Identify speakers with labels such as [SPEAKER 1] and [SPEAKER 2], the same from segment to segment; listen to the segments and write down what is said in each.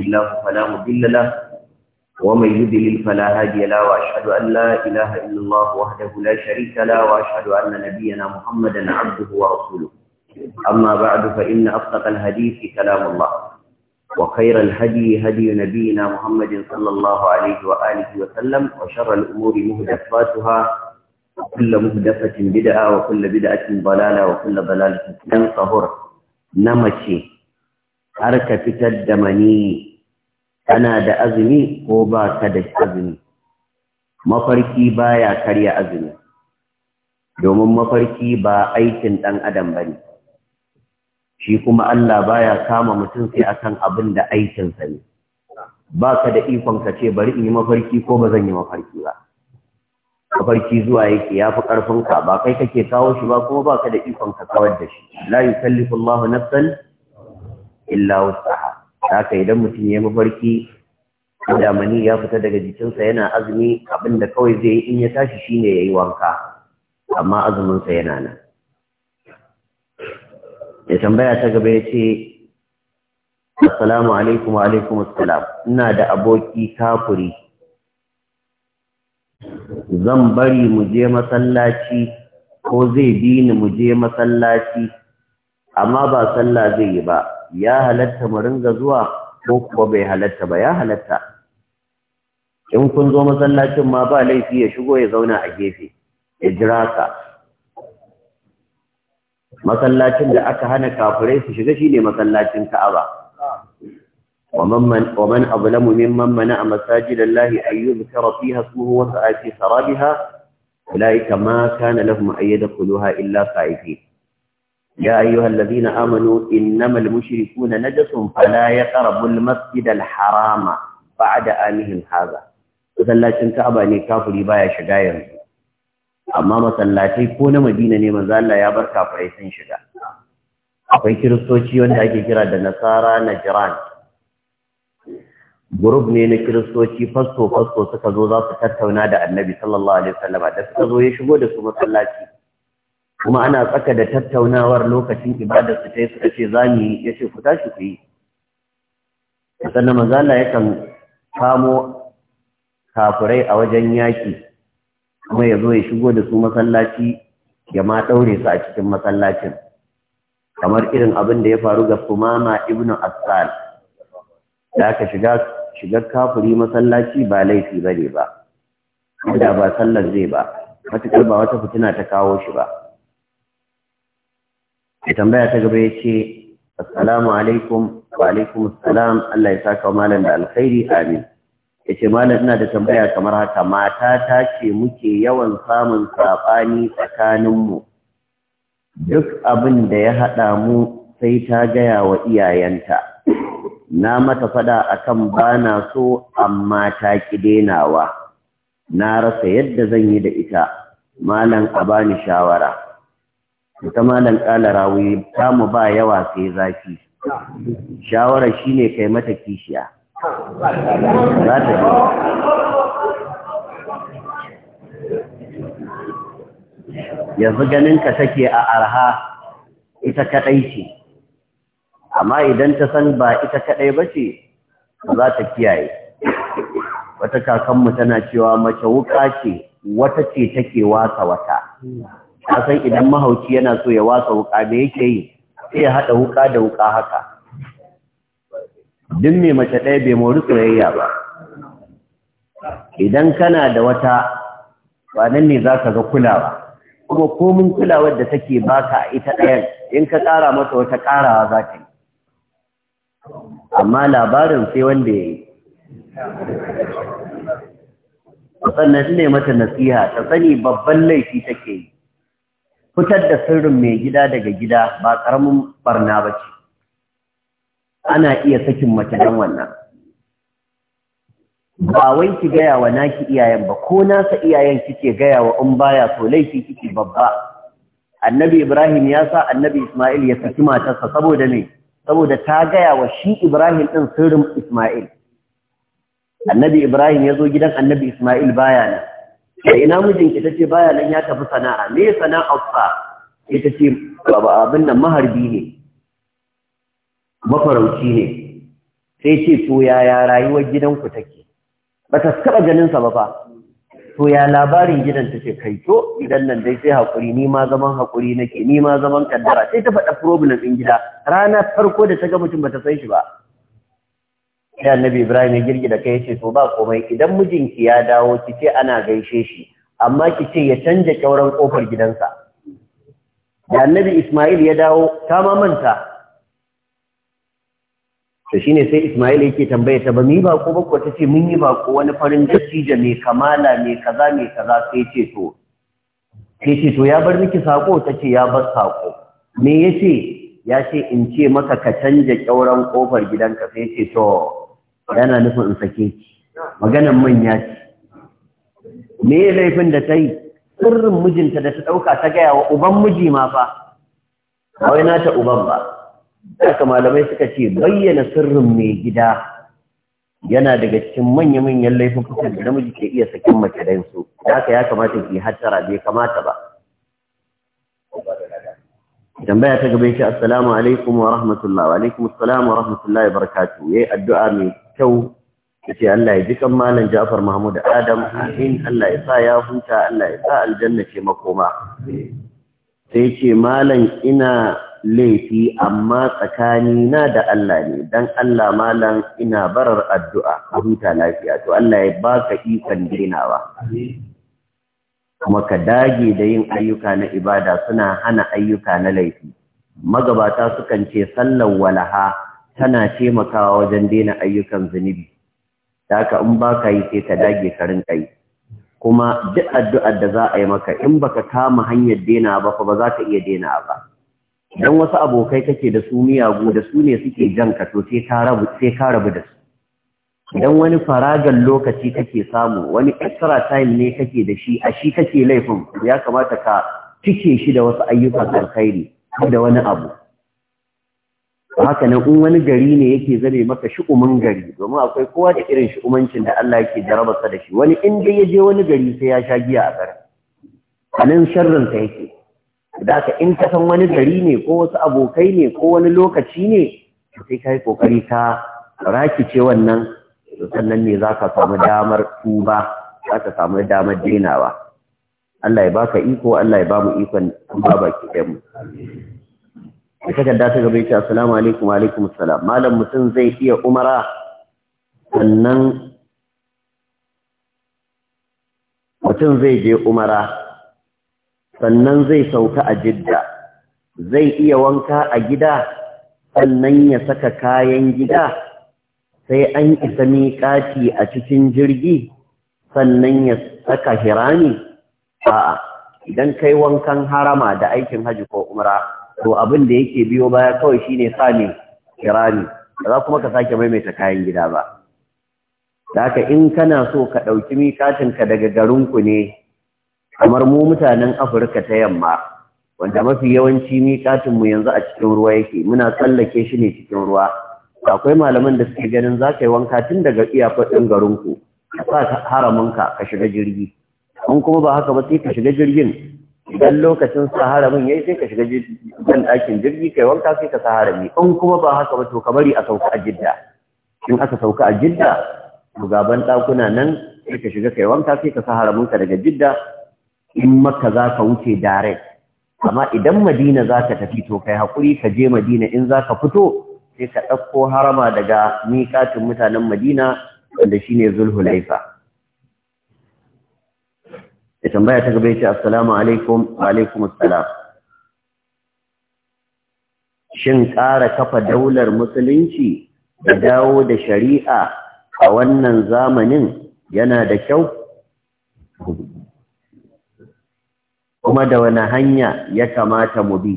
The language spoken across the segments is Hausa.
[SPEAKER 1] الله فلا مضل له ومن يضلل فلا هادي له واشهد ان لا اله الا الله وحده لا شريك له واشهد ان نبينا محمدا عبده ورسوله اما بعد فان اصدق الحديث كلام الله وخير الهدي هدي نبينا محمد صلى الله عليه واله وسلم وشر الامور محدثاتها وكل محدثه بدعه وكل بدعه ضلاله وكل ضلاله في النار نمشي harka fitar da mani Ana da azumi ko ba ka da azumi mafarki baya karya azumi domin mafarki ba aikin ɗan adam ba ne. shi kuma Allah baya kama mutum sai akan abin da aikinsa ne ba ka da ikon ka ce bari in yi mafarki ko ba zan yi mafarki ba mafarki zuwa yake ya fi ƙarfinka ba kai kake kawo shi ba kuma ba ka da ikon ka kawar da shi la yukallifullahu nafsan illa wusaha haka idan mutum ya mafarki damani ya fita daga jikinsa yana azumi abinda kawai zai yi in ya tashi shine yi wanka amma azuminsa yana nan ya tambaya ta gaba ya ce assalamu alaikum alaikum assalam ina da aboki kafuri zan bari mu je masallaci ko zai bi ni mu je masallaci amma ba sallah zai yi ba ya halatta mu ringa zuwa ko kuwa bai halatta ba ya halatta in kun zo masallacin ma ba laifi ya shigo ya zauna a gefe ya jira ka masallacin da aka hana kafirai su shiga shine masallacin Ka'aba ومن ومن أظلم ممن منع مساجد الله أن يذكر فيها اسمه وسعى في خرابها أولئك ما كان لهم أن يدخلوها إلا خائفين يا أيها الذين آمنوا إنما المشركون نجس فلا يقربوا المسجد الحرام بعد آمهم هذا masallacin Ka'aba ne kafiri baya shiga yanzu amma masallatai ko na Madina ne manzo ya bar kafirai sun shiga akwai kiristoci wanda ake kira da Nasara Najran group ne na kiristoci fasto fasto suka zo za su tattauna da Annabi sallallahu da suka zo ya shigo da su masallaci kuma ana tsaka da tattaunawar lokacin ibada su ta yi suka ce za mu yi ya ce ku tashi ku yi sannan manzala yakan kamo kafirai a wajen yaki. kuma ya zo ya shigo da su masallaci ya ma ɗaure su a cikin masallacin kamar irin abin da ya faru ga Sumama ibnu Asal da aka shiga shigar kafiri masallaci ba laifi bane ba da ba sallar zai ba matukar ba wata fitina ta kawo shi ba mai tambaya ta gaba ya ce assalamu alaikum wa alaikum assalam Allah ya saka malam da alkhairi amin Ya ce malam ina da tambaya kamar haka mata ta ce muke yawan samun sabani tsakanin mu duk abin da ya hada mu sai ta gaya wa iyayenta na mata fada akan bana so amma ta ki denawa na rasa yadda zan yi da ita malam a bani shawara ta malam ƙala rawi mu ba yawa sai zafi shawara shine kai mata kishiya za ta ka
[SPEAKER 2] yanzu ganinka take
[SPEAKER 1] a arha ita kadai ce amma idan ta san ba ita kadai ba ce za ta kiyaye wata kakanmu tana cewa mace wuka ce wata ce take wasa wata kasan idan mahauci yana so ya wasa wuka da yake yi sai ya haɗa wuka da wuka haka duk mai mace ɗaya bai mori soyayya ba idan kana da wata ba nan ne za ka ga kulawa kuma komin kulawar da take baka a ita ɗayan in ka ƙara mata wata ƙarawa za ta yi amma labarin sai wanda ya yi sannan ne mata nasiha ta sani babban laifi take yi fitar da sirrin mai gida daga gida ba ƙaramin barna ba ce ana iya sakin mace don wannan ba wai ki gaya wa naki iyayen ba ko nasa iyayen kike gaya wa in baya to laifi kike babba annabi ibrahim ya sa annabi isma'il ya saki matarsa saboda me saboda ta gaya wa shi ibrahim din sirrin isma'il annabi ibrahim ya zo gidan annabi isma'il baya nan da ina mijinki ta ce baya nan ya tafi sana'a me sana'a fa ita ce baba abin nan maharbi ne mafarauci ne sai ce to yaya rayuwar gidanku take ba ta taɓa ganin sa ba fa to ya labarin gidan ta ce kai to Idan nan dai sai hakuri ni ma zaman hakuri nake ni ma zaman kaddara sai ta faɗa problem din gida rana farko da ta ga mutum ba ta san shi ba sai annabi ibrahim ya girgida kai ya ce to ba komai idan mijinki ya dawo ki ce ana gaishe shi amma ki ce ya canja kyauran kofar gidansa da annabi isma'il ya dawo ta ma manta to shine sai isma'il yake tambaya ta ba mi ba ko bakwa ta ce mun yi ba ko wani farin da mai kamala mai kaza mai kaza sai ce to sai ce to ya bar miki sako ta ce ya bar sako me yace ya ce in ce maka ka canja kyauran kofar gidanka sai ce to yana nufin in sake ki maganan manya ce me ya laifin da ta yi sirrin mijinta da ta ɗauka ta gaya wa uban miji ma fa wai nata uban ba haka malamai suka ce bayyana sirrin mai gida yana daga cikin manya-manyan laifin laifukan da namiji ke iya sakin mace da su haka ya kamata ki hattara bai kamata ba tambaya ta gaba ce assalamu alaikum wa rahmatullah wa alaikum assalam wa rahmatullah wa barakatuh yayi addu'a mai kyau ya ce Allah ya ji kan malam Ja'far Mahmud Adam in Allah ya sa ya huta Allah ya sa aljanna ce makoma sai ce malam ina laifi amma tsakani na da Allah ne dan Allah malam ina barar addu'a huta lafiya to Allah ya baka ikon dinawa kuma ka dage da yin ayyuka na ibada suna hana ayyuka na laifi magabata sukan ce sallar walaha tana taimakawa wajen daina ayyukan zunubi da haka in ba ka yi sai ka dage karin rinka kuma duk addu'ar da za a yi maka in baka kama hanyar daina ba fa ba za ka iya daina ba dan wasu abokai kake da su miyagu da su ne suke jan ka to sai ka rabu sai ka rabu da su dan wani faragan lokaci kake samu wani extra time ne kake da shi a shi kake laifin ya kamata ka cike shi da wasu ayyukan alkhairi da wani abu haka nan in wani gari ne yake zame maka shi'umin gari domin akwai kowa da irin shi'umancin da Allah yake jarabasa da shi wani in dai ya je wani gari sai ya sha giya a gari a nan sharrinsa yake da ka in ka san wani gari ne ko wasu abokai ne ko wani lokaci ne sai ka yi kokari ka rakice wannan sannan ne za ka samu damar tuba za ka samu damar denawa Allah ya baka iko Allah ya ba mu ikon baba ki mu aka takarda ta gaba assalamu alaikum alaikum assalam malam mutum zai iya umara sannan mutum zai je umara sannan zai sauka a jidda zai iya wanka a gida sannan ya saka kayan gida sai an isa miƙati a cikin jirgi sannan ya saka hirami a'a idan kai wankan harama da aikin hajji ko umra to abin da yake biyo baya kawai shine sami kirani za kuma ka sake maimaita kayan gida ba da haka in kana so ka ɗauki mikatinka daga garinku ne kamar mu mutanen afirka ta yamma wanda mafi yawanci mikatinmu yanzu a cikin ruwa yake muna tsallake shi ne cikin ruwa akwai malaman da suke ganin za ka yi wanka tun daga iyakar ɗin ku. ka sa haramunka ka shiga jirgi in kuma ba haka ba sai ka shiga jirgin idan lokacin saharamin yayi sai ka shiga jan ɗakin jirgi kai wanka sai ka saharami in kuma ba haka ba to ka bari a sauka a jidda in aka sauka a jidda to gaban ɗakuna nan sai ka shiga kai wanka sai ka saharamin ka daga jidda in makka za ka wuce direct amma idan madina za ka tafi to kai haƙuri ka je madina in za ka fito sai ka ɗauko harama daga miƙatin mutanen madina wanda shine zulhulaifa ya tambaya ta gaba ce assalamu alaikum wa alaikum assalam shin ƙara kafa daular musulunci da dawo da shari'a a wannan zamanin yana da kyau kuma da wani hanya ya kamata mu bi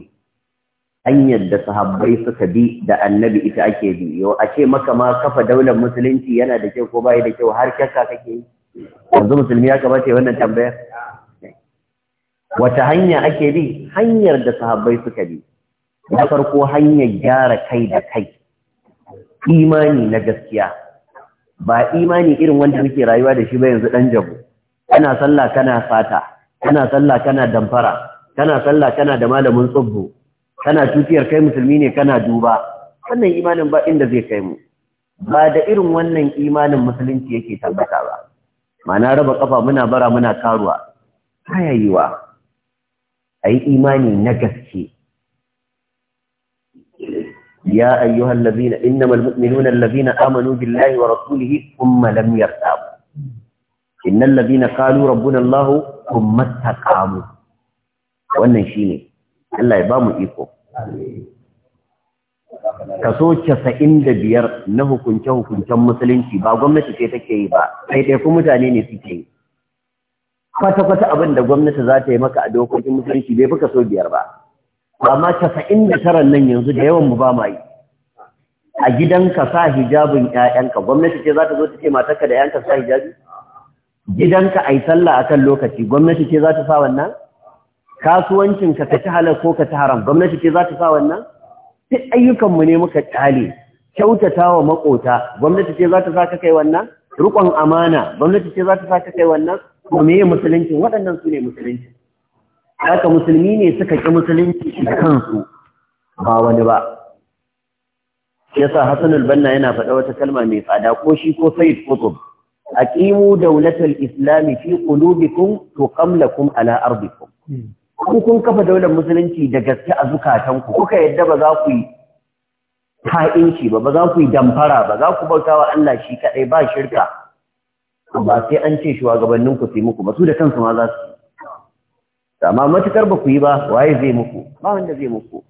[SPEAKER 1] hanyar da sahabbai suka bi da annabi ita ake bi yau a ce maka ma kafa daular musulunci yana da kyau ko bai da kyau har kyakka kake yi yanzu musulmi ya kamata ya wannan tambayar wata hanya ake bi hanyar da sahabbai suka bi na farko hanyar gyara kai da kai imani na gaskiya ba imani irin wanda muke rayuwa da shi ba yanzu dan jabu kana sallah kana fata kana sallah kana damfara kana sallah kana da malamin tsubbu kana tutiyar kai musulmi ne kana duba wannan imanin ba inda zai kai mu ba da irin wannan imanin musulunci yake tabbata ba mana raba kafa muna bara muna karuwa haya yiwa a yi imani na gaske ya ayyuhan lazina innamal mu'minuna lazina amanu billahi wa rasulihi thumma lam yartabu innal lazina qalu rabbuna allah thumma istaqamu wannan shine Allah ya ba mu iko amin kaso casa'in da biyar na hukunce-hukuncen musulunci ba gwamnati ce take yi ba sai dai kuma mutane ne suke yi kwata-kwata abin da gwamnati za ta yi maka a dokokin musulunci bai fi kaso biyar ba amma casa'in da taran nan yanzu da yawan mu ba ma yi a ka sa hijabin ƴaƴanka gwamnati ce za ta zo ta ce matarka da ƴaƴanka sa hijabi gidan a yi sallah akan lokaci gwamnati ce za ta sa wannan kasuwancinka ka ci halal ko ka ci haram gwamnati ce za ta sa wannan duk ayyukanmu ne muka kyale kyautata wa makota gwamnati ce za ta saka ka kai wannan rukon amana gwamnati ce za ta saka ka kai wannan Kuma me musulunci waɗannan su ne musulunci haka musulmi ne suka ƙi musulunci da kansu ba wani ba yasa Hassan al-Banna yana faɗa wata kalma mai tsada ko shi ko Sayyid Qutb aqimu dawlatal islami fi qulubikum tuqamlakum ala ardikum hmm. ku kun kafa daular musulunci da gaske a zukatanku kuka yadda ba za ku yi ta'inci ba ba za ku yi damfara ba za ku bauta wa Allah shi kaɗai ba shirka ba sai an ce shugabannin ku sai muku ba su da kansu ma za su amma matukar ba ku yi ba waye zai muku ba wanda zai muku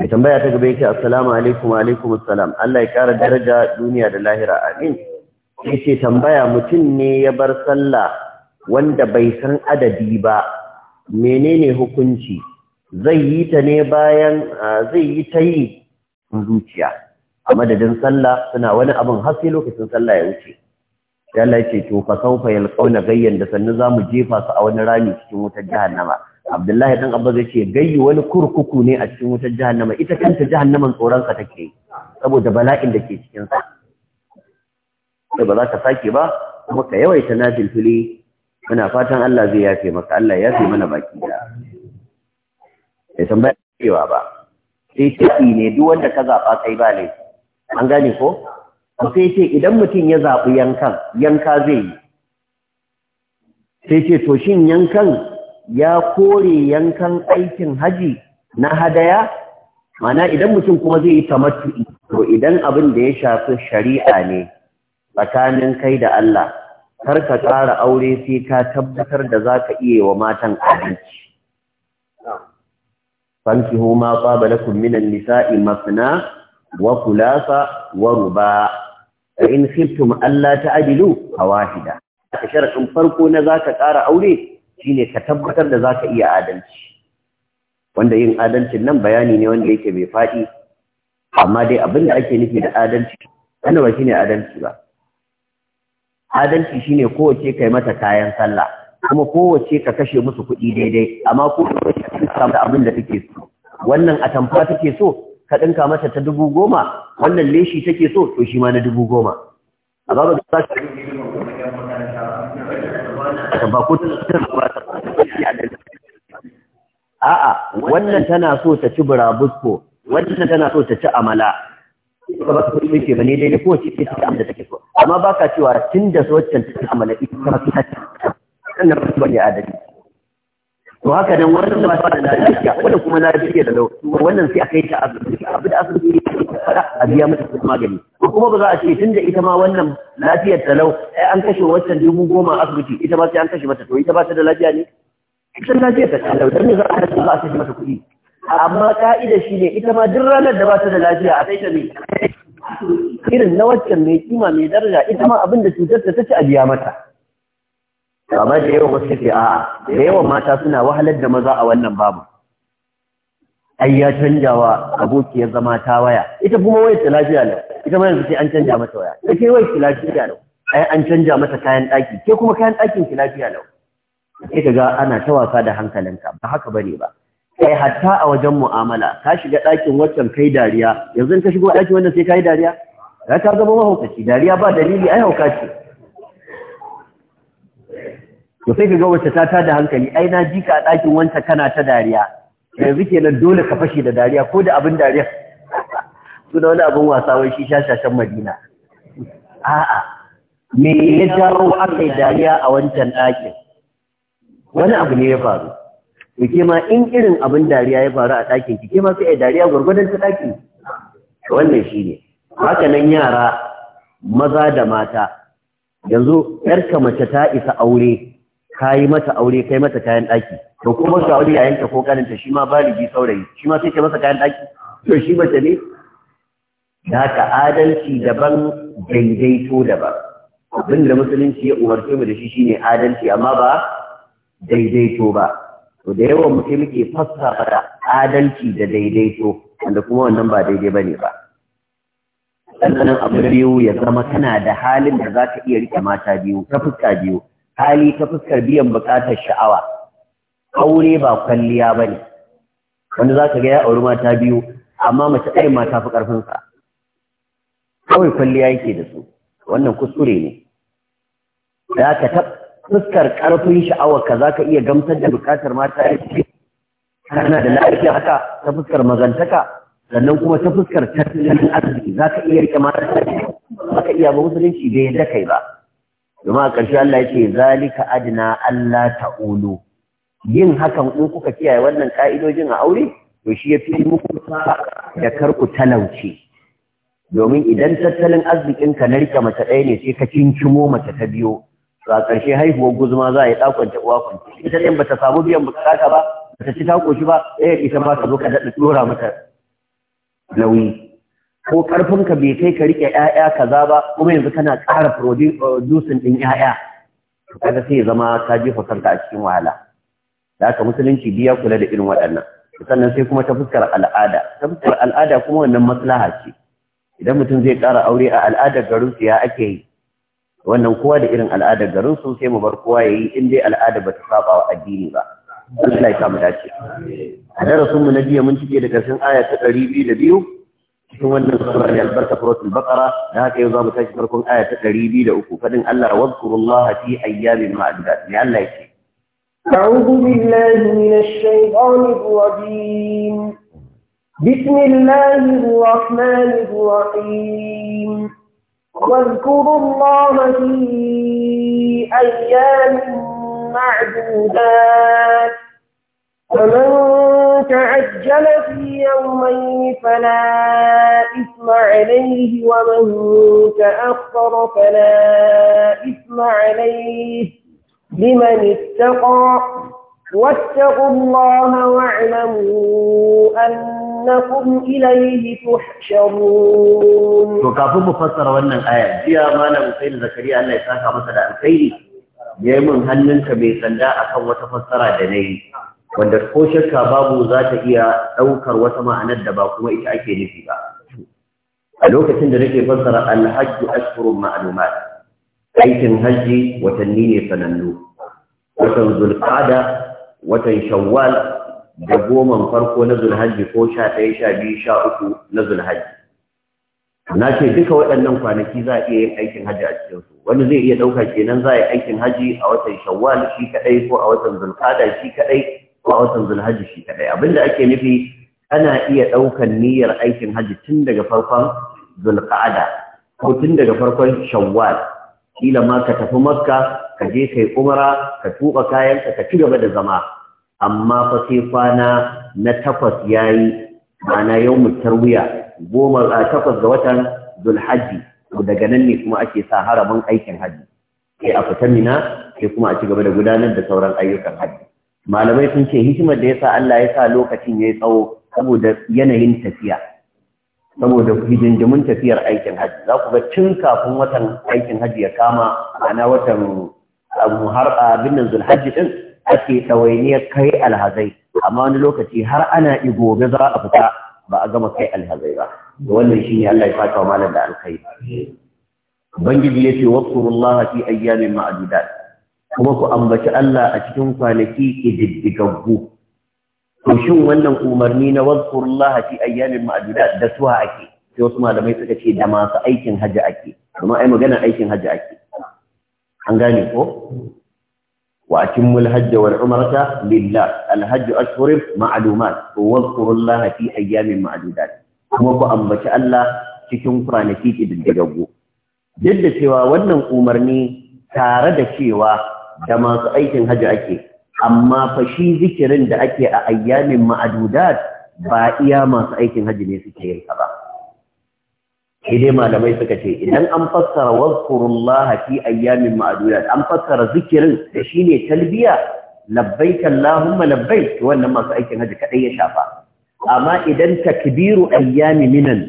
[SPEAKER 1] mai tambaya ta gaba yake assalamu alaikum wa alaikum assalam Allah ya kara daraja duniya da lahira amin ce tambaya mutum ne ya bar sallah wanda bai san adadi ba menene hukunci zai yi ta ne bayan zai yi ta yi zuciya a madadin sallah suna wani abin har lokacin sallah ya wuce Yalla Allah ce to fa saufa yalqauna gayyan da sannu zamu jefa su a wani rami cikin wutar jahannama Abdullahi dan Abba zai ce gayyi wani kurkuku ne a cikin wutar jahannama ita kanta jahannaman tsoron sa take saboda bala'in da ke cikin sa sai ba za ka sake ba kuma ka yawaita nafil fili muna fatan Allah zai yafe maka Allah ya fi mana baki da sai san ba cewa ba sai tafi ne duk wanda ka zaba kai ba ne an gane ko sai ce idan mutum ya zaɓi yankan yanka zai yi sai ce to shin yankan ya kore yankan aikin haji na hadaya mana idan mutum kuma zai yi tamattu to idan abin da ya shafi shari'a ne tsakanin kai da Allah kar ka ƙara aure sai ka tabbatar da za ka iya wa matan abinci fankihu ma qaba lakum minan nisa'i masana wa thulatha wa ruba fa in khiftum alla ta'dilu fawahida sharadin farko na za ka ƙara aure shine ka tabbatar da za ka iya adalci wanda yin adalcin nan bayani ne wanda yake mai faɗi amma dai abin da ake nufi da adalci wanda ba shine adalci ba adalci shine kowace kai mata kayan sallah kuma kowace ka kashe musu kuɗi daidai amma ko ka dinka mata abin da take so wannan atamfa take so ka dinka mata ta dubu goma wannan leshi take so to shi ma na dubu goma a ba shi ba ko ta ba ta a'a wannan tana so ta ci burabusko wannan tana so ta ci amala ka ba su yi ke ba ne daidai ko wace ce ta da take so amma ba ka cewa tun da su waccan ta amala ita ta fi hata sannan ba su bane adali to haka nan wannan ba ta da lafiya wannan kuma na lafiya da lau wannan sai a kai ta asibiti abu da asibiti ne fara a biya mata kuɗin magani kuma ba za a ce tun da ita ma wannan lafiyar ta lau ai eh, an kashe waccan dubu goma asibiti ita ma sai an kashe mata to ita ba ta da lafiya ne ita lafiyar ta ta lau dan ne za a hada ba a kashe mata kuɗi amma ka'ida shi ne ita ma duk ranar da ba ta da lafiya a sai ta ne irin na waccan mai kima mai daraja ita ma abin da cutar ta tace a biya mata amma da yawan wasu ke a'a da yawan mata suna wahalar da maza a wannan babu ai ya canja wa abokiyar zama ta waya ita kuma wayar ta lafiya lau ita ma yanzu sai an canja mata waya ita ke wayar ta lafiya lau ai an canja mata kayan ɗaki ke kuma kayan ɗakin ki lafiya lau sai ka ga ana ta wasa da hankalinka ba haka bane ba kai hatta a wajen mu'amala ka shiga ɗakin waccan kai dariya yanzu ka shigo ɗakin wanda sai kai dariya ka ka zama mahaukaci dariya ba dalili ai hauka ce to sai ka ga wacce ta tada hankali ai na ji ka a ɗakin wancan kana ta dariya yanzu kenan dole ka fashe da dariya ko da abin dariya suna wani abin wasa wai shi shashashan madina a'a me ya jawo aka yi dariya a wancan ɗakin
[SPEAKER 2] wani abu ne ya faru
[SPEAKER 1] to ke ma in irin abin dariya ya faru a ɗakin ki ke ma sai dariya gwargwadon ta ɗakin wannan ne haka nan yara maza da mata yanzu yarka mace ta isa aure ka yi mata aure kai mata kayan ɗaki to kuma ga wani yayanka ko kaninta shi ma baligi saurayi shi ma sai kai masa kayan ɗaki to shi mace ne da haka adalci daban daidaito daban abin da musulunci ya umarce mu da shi shine adalci amma ba daidaito ba to da yawan mu sai muke fassara adalci da daidaito wanda kuma wannan ba daidai bane ba sannan abu biyu ya zama kana da halin da za ka iya rike mata biyu ta fuska biyu hali ta fuskar biyan bukatar sha'awa aure ba kwalliya ba ne, wanda za ka ga ya auri mata biyu amma mace ɗaya mata fi ƙarfinsa kawai kwalliya yake da su wannan kuskure ne za ka fuskar karfin sha'awar ka za ka iya gamsar da bukatar mata ya kana da lafiya haka ta fuskar mazantaka sannan kuma ta fuskar tattalin arziki za ka iya rike mata ba ka iya ba musulunci bai yadda kai ba domin a ƙarshe Allah ya ce zalika adina Allah ta'ulu yin hakan in kuka kiyaye wannan ka'idojin a aure to shi ya fi muku da karku talauci domin idan tattalin arzikinka na rike mace ɗaya ne sai ka cincimo mace ta biyo a ƙarshe haihuwar guzuma za a yi ta uwa kwanci ita ɗin bata samu biyan bukata ba bata ci ta koshi ba ɗaya ita ba ka zo ka daɗa ɗora mata nauyi ko ƙarfinka bai kai ka riƙe ‘ya'ya kaza ba kuma yanzu kana ƙara producing ɗin ‘ya'ya to kaga sai zama ka jefa kanka a cikin wahala da haka musulunci biya kula da irin waɗannan sannan sai kuma ta fuskar al'ada ta fuskar al'ada kuma wannan maslaha ce idan mutum zai ƙara aure a al'adar garin ya ake yi wannan kowa da irin al'adar garin su sai mu bar kowa yayi in dai al'ada ba ta saba wa addini ba Allah ya samu dace a darasin mu na jiya mun cike da karshen aya ta 202 cikin wannan sura ne albarka suratul baqara da haka yau za tashi farkon aya ta 203 fadin Allah wazkurullaha fi ayyamin ma'dudat ne Allah yake
[SPEAKER 2] أعوذ بالله من الشيطان الرجيم بسم الله الرحمن الرحيم واذكروا الله في أيام معدودات ومن تعجل في يومين فلا إثم عليه ومن تأخر فلا إثم عليه لمن اتقى واتقوا الله واعلموا أنكم إليه تحشرون
[SPEAKER 1] وكافو مفسر وانا آية يا مانا مسيل زكريا الله يساك مثلا الخير ya yi min hannunka mai sanda akan wata fassara da na wanda ko shakka babu zata iya ɗaukar wata ma'anar da ba kuma ita ake nufi ba a lokacin da nake fassara alhaji ashkurun ma'lumat aikin hajji watanni ne sanannu watan zulqada watan shawwal da goman farko na zulhajji ko sha ɗaya sha biyu sha uku na zulhajji na ce duka waɗannan kwanaki za a iya yin aikin hajji a cikinsu wani zai iya ɗauka kenan za a yi aikin hajji a watan shawwal shi kaɗai ko a watan zulkada shi kaɗai ko a watan zulhajji shi kaɗai da ake nufi ana iya ɗaukan niyyar aikin hajji tun daga farkon zulkada ko tun daga farkon shawwal kila ma ka tafi makka ka je kai umara ka tuba kayan ka ci gaba da zama amma fa sai kwana na takwas yayi yau yawmut wuya. goma a takwas ga watan zulhajji daga nan ne kuma ake sa haramin aikin hajji sai a fita mina sai kuma a ci gaba da gudanar da sauran ayyukan hajji malamai sun ce hikimar da yasa Allah ya sa lokacin yayi tsawo saboda yanayin tafiya saboda hijinjimin tafiyar aikin hajji za ku ga tun kafin watan aikin hajji ya kama ana watan ah, muharba ah, binnan zulhajji din ake ɗawainiyar kai alhazai amma wani lokaci har ana gobe za a fita ba a gama kai alhazai ba wannan shi ne Allah ya fata wa malam da alkhairi ubangiji yace waqturullaha fi ayyamin ma'dudat kuma ku ambaci Allah a cikin kwanaki kididdigaggu to shin wannan umarni na waqturullaha fi ayyamin ma'dudat da suwa ake sai wasu malamai suka ce da masu aikin hajji ake kuma ai magana aikin hajji ake an gane ko وأتموا الهج والعمرة لله الهج أشهر معلومات واذكروا الله في أيام معدودات kuma ambaci Allah cikin kwanaki ƙididdigaggu duk da cewa wannan umarni tare da cewa da masu aikin hajji ake amma fa shi zikirin da ake a ayyamin ma'adudat ba iya masu aikin hajji ne suke yin ba sai dai malamai suka ce idan an fassara wazkurullaha fi ayyamin ma'dudat an fassara zikirin da shine talbiya labbaik allahumma labbaik wannan masu aikin haji kadai ya shafa amma idan takbiru ayyami minan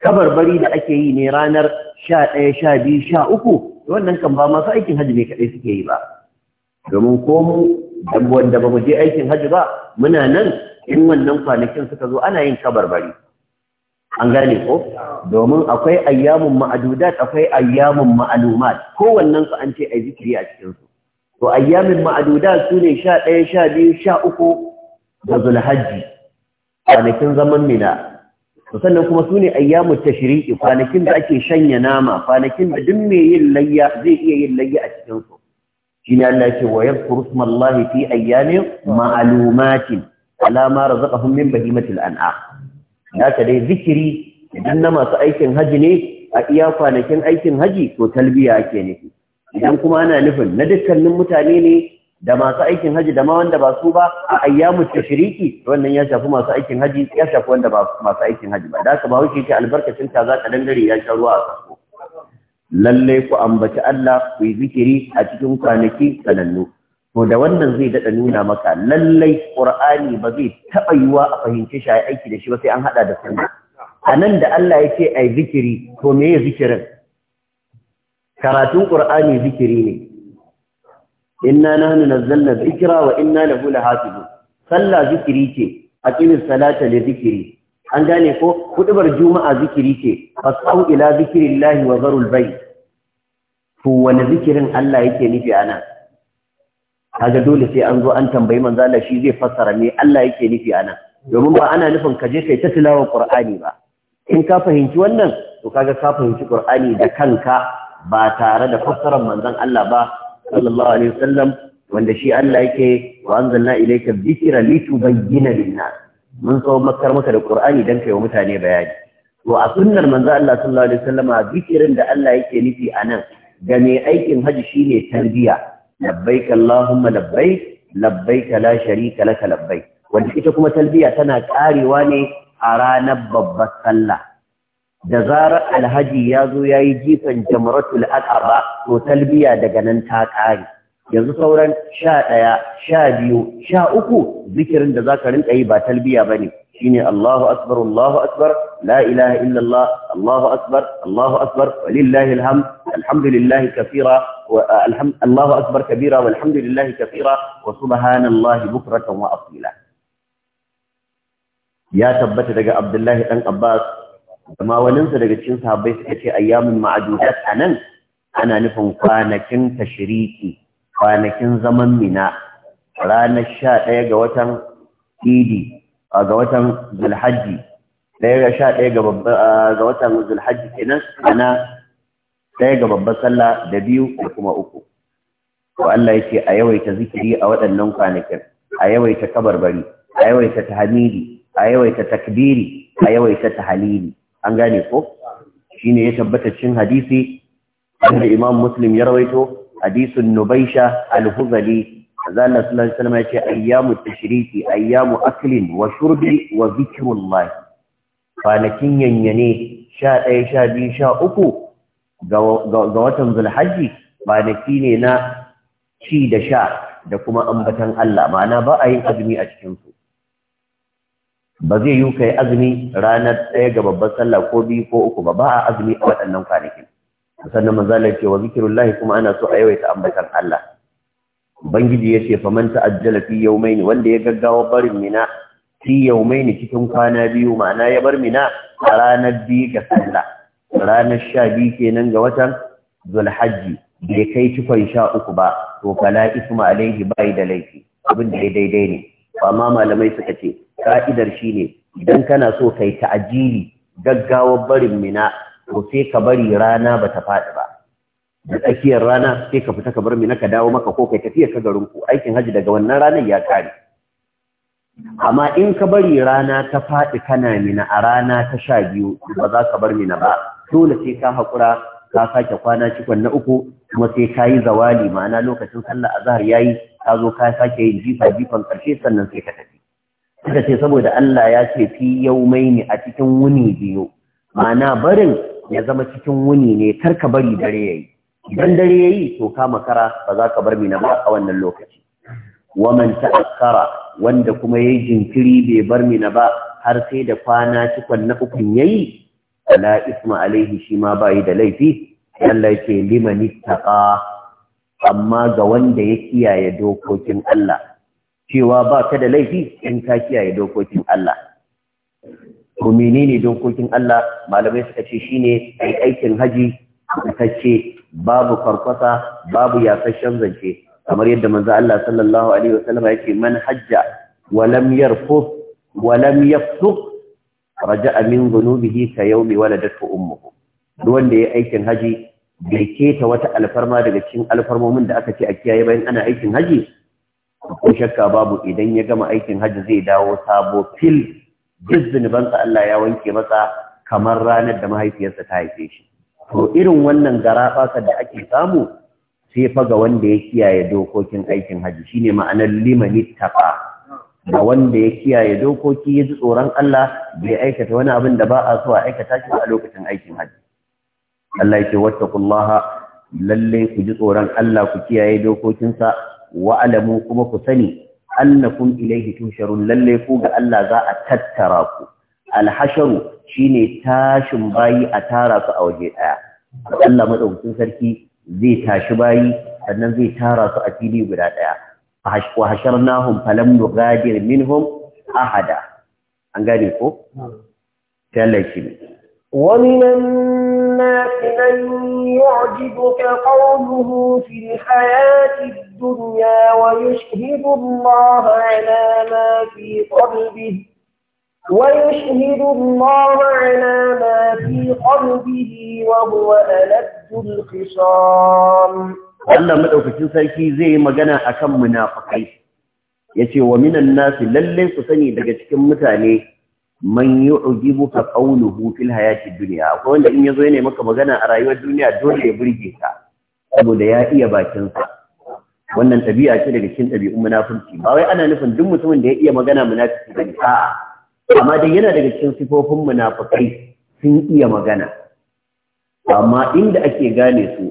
[SPEAKER 1] kabarbari da ake yi ne ranar 11 12 13 wannan kan ba masu aikin haji ne kadai suke yi ba domin ko mu dan wanda ba mu je aikin haji ba muna nan in wannan kwanakin suka zo ana yin kabarbari an gane ko domin akwai ayyamun ma'adudat akwai ayyamun ma'alumat kowannen su an ce ai zikiri a cikin su to ayyamin ma'adudat su ne biyu, sha uku, da zulhajji kwanakin zaman mina sannan kuma su ne ayyamun tashri'i kwanakin da ake shanya nama kwanakin da duk mai yin layya zai iya yin layya a cikin su shine Allah ya ce wa yadhkuru smallahi fi ayyamin ma'alumatin alama razaqahum min bahimatil an'am da ta dai zikiri idan na masu aikin haji ne a iya kwanakin aikin haji to talbiya ake nufi idan kuma ana nufin na dukkanin mutane ne da masu aikin haji da ma wanda ba su ba a ayyamu tashriki wannan ya shafi masu aikin haji ya shafi wanda ba masu aikin haji ba da ka ba wuce ke albarkacin ta za ka dangare ya sha ruwa a sako lallai ku ambaci Allah ku yi zikiri a cikin kwanaki sanannu to da wannan zai daɗa nuna maka lallai ƙur'ani ba zai taɓa yiwa a fahimce shi aiki da shi ba sai an hada da sunna a nan da Allah ya ce a zikiri to me zikirin karatun ƙur'ani zikiri ne inna nahnu nazzalna na wa inna lahu lahafizun sallah zikiri ce aqimis salata li zikiri an gane ko hudubar juma'a zikiri ce fasau ila zikrillahi wa zarul bayt to wani zikirin Allah yake nufi anan kaga dole sai an zo an tambayi manzo shi zai fassara me Allah yake nufi anan domin ba ana nufin ka je kai ta tilawar Qur'ani ba in ka fahimci wannan to kaga ka fahimci Qur'ani da kanka ba tare da fassarar manzon Allah ba sallallahu alaihi wasallam wanda shi Allah yake wa anzalna ilayka dhikra litubayyana lin mun so makar maka da Qur'ani dan kai wa mutane bayani to a sunnar manzo Allah sallallahu alaihi wasallam zikirin da Allah yake nufi anan ga mai aikin haji shine tarbiyya. labbaik Allahumma labbaik labbaik la sharika laka labbaik wanda ita kuma talbiya tana karewa ne a ranar babbar sallah da zarar alhaji ya zo ya yi jifan jamratul aqaba to talbiya daga nan ta kare yanzu sauran sha ɗaya sha biyu sha uku zikirin da za ka rinka yi ba talbiya ba ne shine Allahu akbar Allahu akbar la ilaha illa Allah Allahu akbar Allahu akbar walillahi alhamd alhamdulillahi kathira wa Allahu akbar kabira walhamdulillahi kathira wa subhanallahi bukratan wa asila ya tabbata daga Abdullahi dan Abbas da mawalinsa daga cikin sahabbai suka ce ayyamun ma'adudat anan ana nufin kwanakin tashiriki kwanakin zaman mina ranar sha ɗaya ga watan idi ga watan zulhaji ɗaya ga sha ɗaya ga watan zulhajji kenan ana ɗaya ga babban sallah da biyu da kuma uku to Allah yake a yawaita zikiri a waɗannan kwanakin a yawaita kabarbari a yawaita tahmidi a yawaita takbiri a yawaita tahalili an gane ko ne ya tabbata cin hadisi da Imam Muslim ya rawaito hadisun Nubaisha al-Huzali azza Allah sallallahu ce ayyamu tashriki ayyamu aklin wa shurbi wa zikrullah kwanakin yanyane sha biyu, sha ga ga watan zulhajji kwanaki ne na ci da sha da kuma ambatan Allah ma'ana ba a yin azumi a cikin su ba zai yi kai azumi ranar ɗaya ga babban sallah ko biyu ko uku ba ba a azumi a waɗannan kwanakin sannan manzalar ce wa Lahi kuma ana so a yawaita ambatan Allah Bangiji ya ce faman ta'ajjala fi yawmayn wanda ya gaggawa barin mina fi yawmayn cikin kwana biyu ma'ana ya bar mina a ranar biyu ga sallah ranar sha biyu kenan ga watan zulhajji bai kai cikon sha uku ba to fala isma alaihi bai da laifi abin da ya daidai ne amma malamai suka ce ka'idar shi ne. idan kana so kai ta'ajili gaggawar barin mina to sai ka bari rana ba ta faɗi ba da tsakiyar rana sai ka fita ka bar mina ka dawo maka ko kai tafiya ka garin ku aikin haji daga wannan ranar ya kare amma in ka bari rana ta faɗi kana mina a rana ta sha biyu ba za ka bar mina ba dole sai ka haƙura ka sake kwana cikon na uku kuma sai ka yi zawali ma'ana lokacin sallah azhar yayi ka zo ka sake yin jifa jifan ƙarshe sannan sai ka tafi suka ce saboda Allah ya ce fi yaumaini a cikin wuni biyu ma'ana barin ya zama cikin wuni ne kar ka bari dare yayi idan dare yayi to ka makara ba za ka bar mina ba a wannan lokaci waman ta'akkara wanda kuma yayi jinkiri bai bar mina ba har sai da kwana cikon na ukun yayi la isma alaihi shi ma bai da laifi Allah yake liman ittaqa amma ga wanda ya kiyaye dokokin Allah cewa ba ka da laifi in ka kiyaye dokokin Allah ko menene dokokin Allah malamai suka ce shine ai aikin haji ce babu farfasa babu yasashen zance kamar yadda manzo Allah sallallahu alaihi wasallam yake man hajja wa lam yarfus wa lam yafsuq raja'a min dhunubihi ka yawmi waladatu ummuhu wanda ya aikin haji bai keta wata alfarma daga cikin alfarmomin da aka ce a kiyaye bayan ana aikin haji ko shakka babu idan ya gama aikin haji zai dawo sabo fil duk zunubansa Allah ya wanke masa kamar ranar da mahaifiyarsa ta haife shi to irin wannan garaɓasa da ake samu sai fa ga wanda ya kiyaye dokokin aikin hajji shine ma'anar limani taqa da wanda ya kiyaye dokoki ya ji tsoron Allah bai aikata wani abin da ba a so a aikata shi a lokacin aikin hajji. Allah yake wattaqullaha lalle ku ji tsoron Allah ku kiyaye dokokinsa wa alamu kuma ku sani annakum ilayhi tusharun lalle ku ga Allah za a tattara ku alhasharu shine tashin bayi a tara su a waje daya Allah madaukakin sarki zai tashi bayi sannan zai tara su a fili guda daya wa hasharnahum falam nughadir minhum ahada an gane ko tallashi
[SPEAKER 2] ومن الناس من يعجبك قوله في الحياة الدنيا ويشهد الله على ما في قلبه ويشهد الله على ما في قلبه وهو ألد الخصام
[SPEAKER 1] Allah madaukakin sarki zai yi magana akan munafikai yace wa minan nas lallai ku sani daga cikin mutane man yu'jibu ka qawluhu fil hayati dunya akwai wanda in yazo yana maka magana a rayuwar duniya dole ya burge ka saboda ya iya bakin sa wannan tabi'a ce daga cikin tabi'un munafiki ba wai ana nufin duk mutumin da ya iya magana munafiki bane a'a amma dai yana daga cikin sifofin munafukai sun iya magana amma inda ake gane su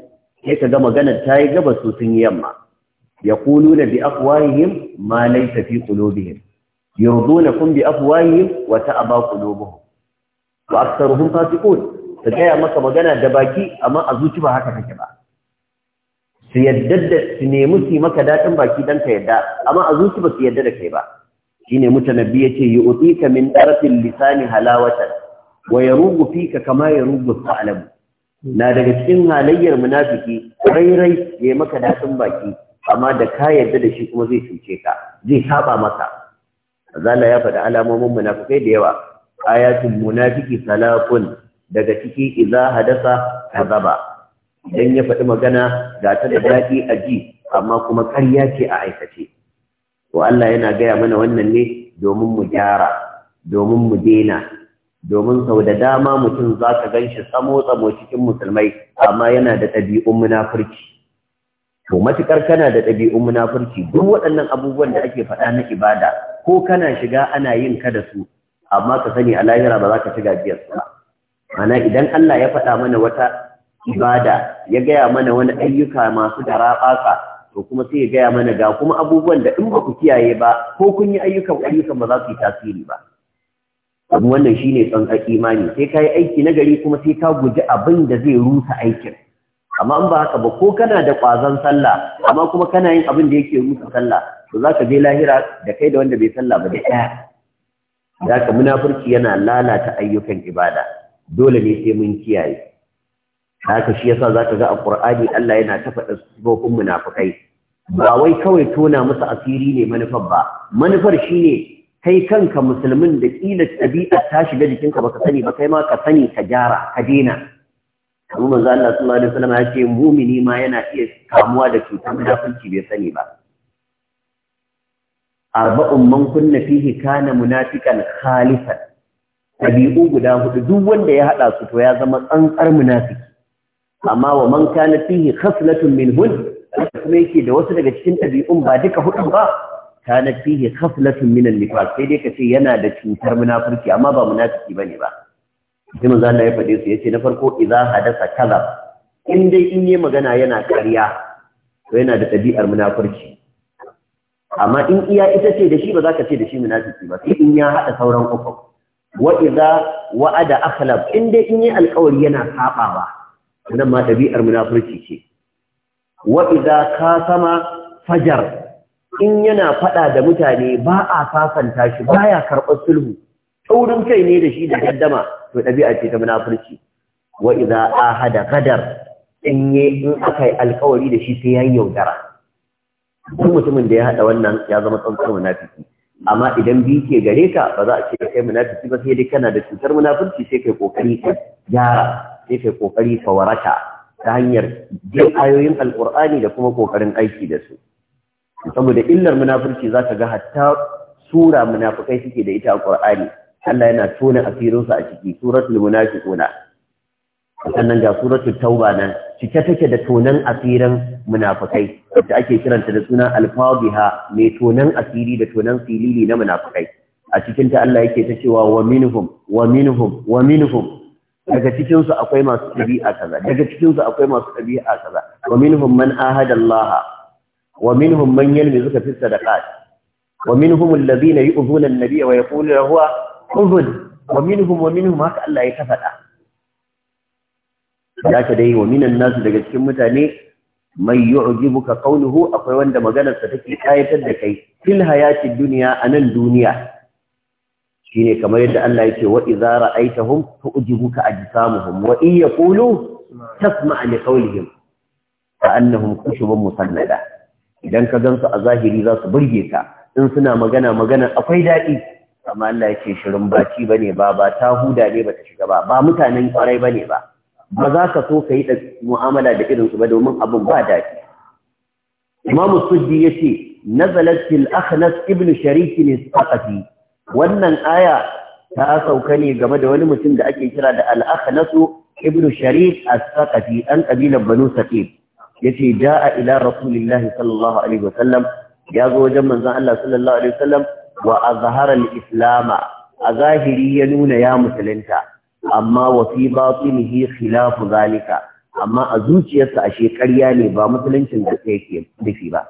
[SPEAKER 1] sai ka ga magana ta yi gaba su sun yi yamma yaquluna bi afwahihim ma laysa fi qulubihim yurdunakum bi afwahihim wa ta'aba qulubuhum wa aktharuhum fasiqun ta gaya maka magana da baki amma a zuci ba haka take ba su yadda da su nemi su maka daɗin baki don ka yadda amma a zuci ba su yadda da kai ba shine mutanabbi yace yu'tika min ɗarfin lisani halawatan wa yarugu fika kama yarugu salam na daga cikin halayyar munafiki rairai ya maka daɗin baki amma da ka yarda da shi kuma zai cuce ka zai saba maka zalla ya faɗi alamomin munafikai da yawa ayatul munafiki salafun daga ciki idza hadasa kadaba idan ya faɗi magana ga ta da daɗi a ji amma kuma karya ce a aikace to Allah yana gaya mana wannan ne domin mu gyara domin mu dena domin sau da dama mutum za ka gan shi tsamo tsamo cikin musulmai amma yana da ɗabi'un munafurci to matukar kana da ɗabi'un munafurci duk waɗannan abubuwan da ake faɗa na ibada ko kana shiga ana yin ka da su amma ka sani a lahira ba za ka ci gajiyar su ba Mana idan Allah ya faɗa mana wata ibada ya gaya mana wani ayyuka masu da raɓasa to kuma sai ya gaya mana ga kuma abubuwan da in ba ku kiyaye ba ko kun yi ayyukan ayyukan ba za su yi tasiri ba Abin wannan shine tsan imani sai ka yi aiki na gari kuma sai ka guji abin da zai rusa aikin amma in ba haka ba ko kana da ƙwazon sallah amma kuma kana yin abin da yake rusa sallah to za ka je lahira da kai da wanda bai sallah ba da ɗaya za ka munafurci yana lalata ayyukan ibada dole ne sai mun kiyaye haka shi yasa zaka ga a Qur'ani Allah yana ta faɗa sifofin munafikai ba wai kawai tona musu asiri ne manufar ba manufar shine kai kanka musulmin da kila tabi'a ta shiga jikinka baka sani ba kai ma ka sani ka gyara ka dena kuma manzo Allah sallallahu alaihi wasallam ya ce mu'mini ma yana iya kamuwa da cutar munafiki bai sani ba arba'un man kunna fihi kana munafiqan khalisan tabi'u guda hudu duk wanda ya hada su to ya zama tsantsar munafiki amma wa man kana fihi khaslatun minhun kuma yake da wasu daga cikin ɗabi'un ba duka hudun ba kana fihi khaslatun min an-nifaq sai dai kace yana da cutar munafurci amma ba munafiki bane ba sai manzo Allah ya faɗe su yace na farko idza hadasa kaza in dai in yi magana yana ƙarya to yana da ɗabi'ar munafurci amma in iya ita ce da shi ba za ka ce da shi munafiki ba sai in ya haɗa sauran uku wa idza wa'ada akhlab in dai in yi alƙawari yana sabawa nan ma ɗabi'ar munafurci ce wa idza sama fajar in yana faɗa da mutane ba a sasanta shi baya karɓar sulhu taurin kai ne da shi da gaddama to ɗabi'a ce ta munafurci wa idza ahada qadar in ye in aka yi alkawari da shi sai ya yaudara duk mutumin da ya haɗa wannan ya zama tsantsar munafiki amma idan bi ke gare ka ba za a ce kai munafiki ba sai dai kana da cutar munafurci sai kai kokari ka gyara sai kai kokari ka ta hanyar jin ayoyin alqur'ani da kuma kokarin aiki da su saboda illar munafurci za ka ga hatta sura munafikai suke da ita a qur'ani Allah yana tona asirinsu a ciki suratul munafiquna sannan ga suratul tauba nan cike take da tonan asirin munafikai da ake kiranta da sunan alfabiha mai tonan asiri da tonan filili na munafikai a cikin ta Allah yake ta cewa wa minhum wa minhum wa minhum daga cikin su akwai masu ɗabi'a kaza daga cikin su akwai masu ɗabi'a kaza wa minhum man ahada Allah wa minhum man yalmizuka fi sadaqat wa minhum alladhina yu'dhuna an-nabiyya wa yaquluna huwa udhun wa minhum wa minhum haka Allah ya tafada zaka dai wa minan nasu daga cikin mutane mai yu'jibuka qawluhu akwai wanda maganarsa take kayatar da kai fil hayati dunya anan duniya shine kamar yadda Allah yake wa idza ra'aytahum tu'jibuka ajsamuhum wa in yaqulu tasma' li qawlihim fa annahum khushubun musannada idan ka gansu a zahiri za su burge ka in suna magana magana akwai dadi amma Allah yake shirin baci bane ba ba ta huda ne bata shiga ba ba mutanen kwarai bane ba ba za ka so ka yi mu'amala da irin su ba domin abin ba dadi imamu Suddi yace nazalat fil Akhnas ibn Sharik al-Thaqafi wannan aya ta sauka ne game da wani mutum da ake kira da al-akhlasu ibnu sharif as-saqafi dan kabilar banu ce da a ila rasulillahi sallallahu alaihi wasallam ya zo wajen manzon Allah sallallahu alaihi wasallam wa a zahiri ya nuna ya musulunta amma wa fi batinihi khilafu zalika amma a zuciyarsa ashe ƙarya ne ba musuluncin da yake dafi ba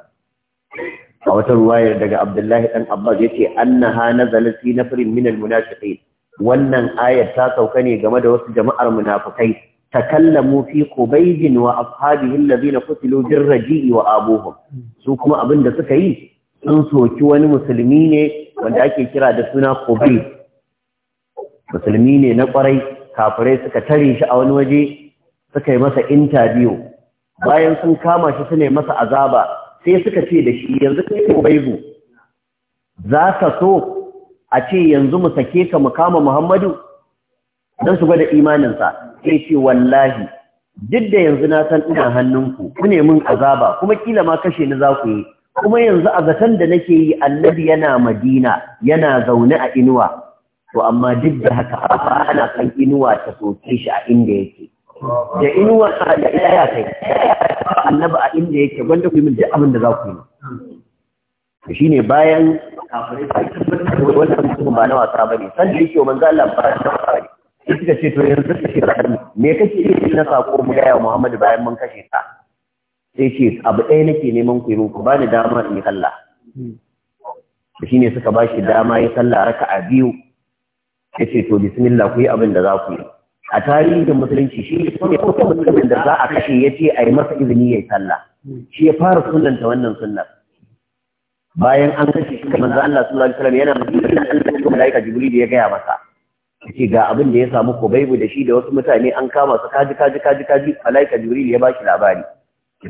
[SPEAKER 1] a wata ruwayar daga Abdullahi dan Abbas yace annaha nazalat fi nafrin min almunafiqin wannan ayar ta sauka ne game da wasu jama'ar munafikai takallamu fi qubaydin wa ashabihi alladhina qutilu birraji'i wa abuhum su kuma abin da suka yi sun soki wani musulmi ne wanda ake kira da suna qubayd musulmi ne na kwarai kafirai suka tare shi a wani waje suka yi masa interview bayan sun kama shi su ne masa azaba sai suka ce da shi yanzu kai ubaizu za ka so a ce yanzu mu sake ka mu kama muhammadu don su gwada imaninsa sai ce wallahi duk da yanzu na san ina hannunku ku ne mun azaba kuma kila ma kashe ni za ku yi kuma yanzu a zaton da nake yi annabi yana madina yana zaune a inuwa to amma duk da haka ba ana kan inuwa ta soke shi a inda yake da inuwarsa da ya kai annaba a inda yake wanda ku yi min duk abin da za ku yi shi ne bayan wannan mutum ba na wasa ba ne san da yake wa manzo Allah ba na wasa ne sai suka ce to yanzu kashe rahmi me kake yi na sako mu gaya Muhammadu bayan mun kashe ta sai ce abu ɗaya nake neman ku yi ku ba ni dama in yi sallah shi ne suka ba shi dama ya sallah raka'a biyu ya ce to bismillah ku yi abin da za ku yi a tarihin musulunci shi ne kuma musulmin da za a kashe ya ce a yi masa izini ya yi sallah shi ya fara sunanta wannan sunnar bayan an kashe shi manzo Allah sallallahu alaihi wasallam yana musulmi Allah da malaika Jibril ya gaya masa ce ga abin da ya samu baibu da shi da wasu mutane an kama su kaji kaji kaji kaji malaika Jibril ya bashi labari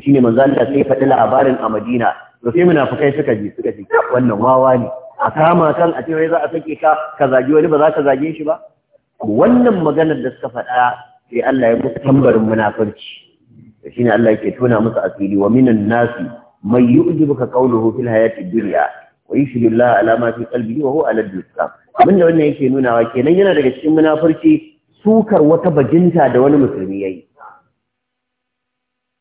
[SPEAKER 1] shi ne manzo Allah sai ya faɗi labarin a Madina to sai munafikai suka ji suka ce wannan wawa ne a kama kan a ce wai za a sake ka ka zagi wani ba za ka zage shi ba wannan maganar da suka faɗa sai Allah ya musu tambarin munafurci ne Allah yake tona musu asiri wa minan nasi yi yu'jibuka qawluhu fil hayati dunya wa yushhidu Allah ala ma fi qalbihi wa huwa ala al-islam abinda wannan yake nunawa kenan yana daga cikin munafurci sukar wata bajinta da wani musulmi yayi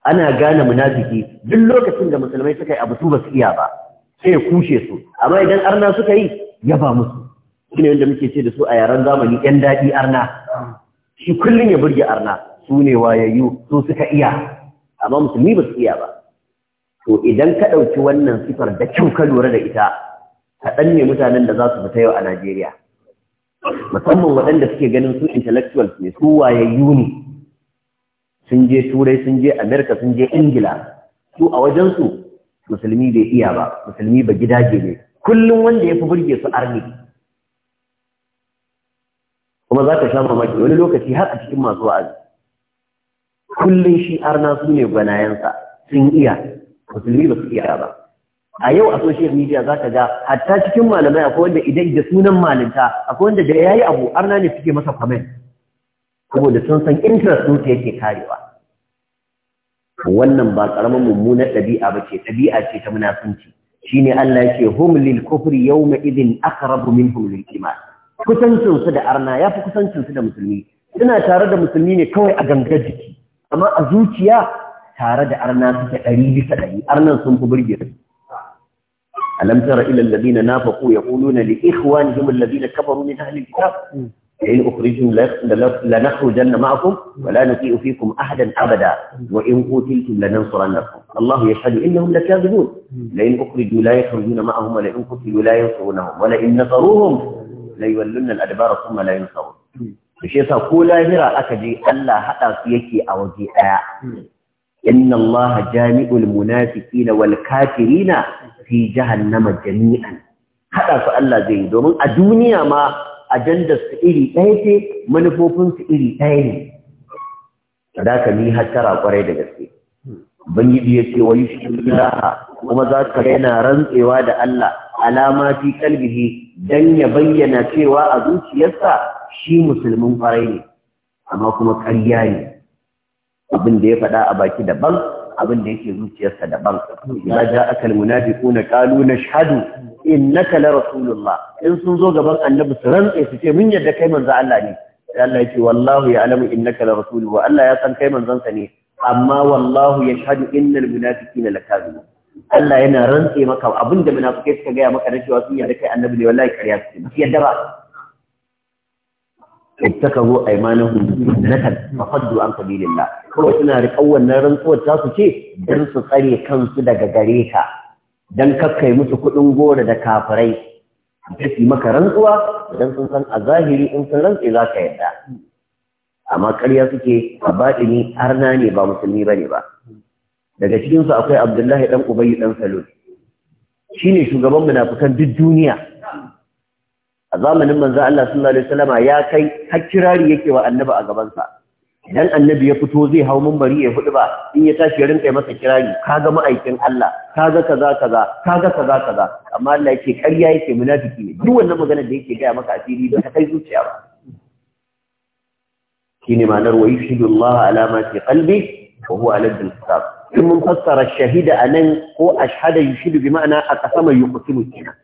[SPEAKER 1] ana gane munafiki duk lokacin da musulmai suka yi abu su ba su iya ba sai ya kushe su amma idan arna suka yi ya ba musu shine yadda muke ce da su a yaren zamani yan daɗi arna shi kullum ya burge arna su ne wayayyu su suka iya amma musulmi ba su iya ba to idan ka ɗauki wannan sifar da kyau ka lura da ita kaɗan ne mutanen da za su fita yau a Najeriya musamman waɗanda suke ganin su intellectuals ne su wayayyu ne sun je turai sun je amerika sun je ingila su a wajensu musulmi bai iya ba musulmi ba gidaje ne kullum wanda ya fi burge su arni kuma za ka sha mamaki wani lokaci har a cikin masu wa'azi kullum shi arna su ne gwanayensa sun iya musulmi ba su iya ba a yau a social media za ka ga hatta cikin malamai akwai wanda idan da sunan malinta akwai wanda da yayi abu arna ne suke masa comment saboda sun san interest ɗinsa yake karewa wannan ba ƙaramin mummunar ɗabi'a ba ce ɗabi'a ce ta munafunci shine Allah ce hum lil kufri yawma idin aqrabu minhum lil iman kusancinsu da arna ya fi kusancinsu da musulmi suna tare da musulmi ne kawai a gangar jiki amma a zuciya tare da arna suke ɗari bisa ɗari arnan sun fi burge su alam tara ila alladhina nafaqu yaquluna li ikhwanihim alladhina kafaru min ahli alkitab in ukhrijum la nakhrujanna ma'akum wa la nuti'u fikum ahadan abada wa in qutiltum lanansurannakum Allah yashhadu innahum lakadhibun la in ukhriju la yakhrujuna ma'ahum wa la in qutilu la yansurunahum wa la in nasaruhum la nan al kuma la yunsawun to shi yasa ko lahira aka je Allah hada su yake a waje ɗaya? inna Allah jami'ul munafiqina wal kafirina fi jahannama jami'an hada su Allah zai yi domin a duniya ma ajandar su iri ɗaya ce manufofin su iri ɗaya ne da ka ni hattara kwarai da gaske Ubangiji ya ce wa yushkillaha kuma za ka yana rantsewa da Allah alama fi kalbihi dan ya bayyana cewa a zuciyarsa shi musulmin kwarai ne amma kuma karya ne abin da ya faɗa a baki daban abin da yake zuciyarsa daban idza ja'aka almunafiquna qalu nashhadu innaka la rasulullah in sun zo gaban annabi su rantsa su ce mun yadda kai manzo Allah ne Allah ya ce wallahu ya'lamu innaka la rasuluhu Allah ya san kai manzon sa ne amma wallahu yashhadu innal na lakazibun Allah yana rantse maka abinda munafikai suka gaya maka na cewa sun yarda kai annabi ne wallahi ƙarya suke ba su yarda ba ittakazu aymanahum kan fafaddu an sabilillah Ko suna da wannan rantsuwar ta su ce dan su tsare kansu daga gare ka dan kakkai musu kuɗin gora da kafirai da su maka rantsuwa dan sun san a zahiri in sun rantse za ka yarda amma ƙarya suke a har na ne ba musulmi bane ba daga cikinsu akwai abdullahi ɗan ubayi ɗan salon shi ne shugaban munafukan duk duniya a zamanin manzo Allah sallallahu alaihi wasallama ya kai har kirari yake wa annabi a gabansa idan annabi ya fito zai hau mambari ya hudu ba in ya tashi ya rinka masa kirari kaga ma'aikin Allah kaga kaza kaza kaga kaza kaza amma Allah yake ƙarya yake munafiki ne duk wannan maganar da yake gaya maka asiri ba ta kai zuciya ba shine ma'anar wa yushidu Allah ala ma fi qalbi wa huwa ala in mun fassara shahida a nan ko ashhada yushidu bi ma'ana a kasama yuqsimu kenan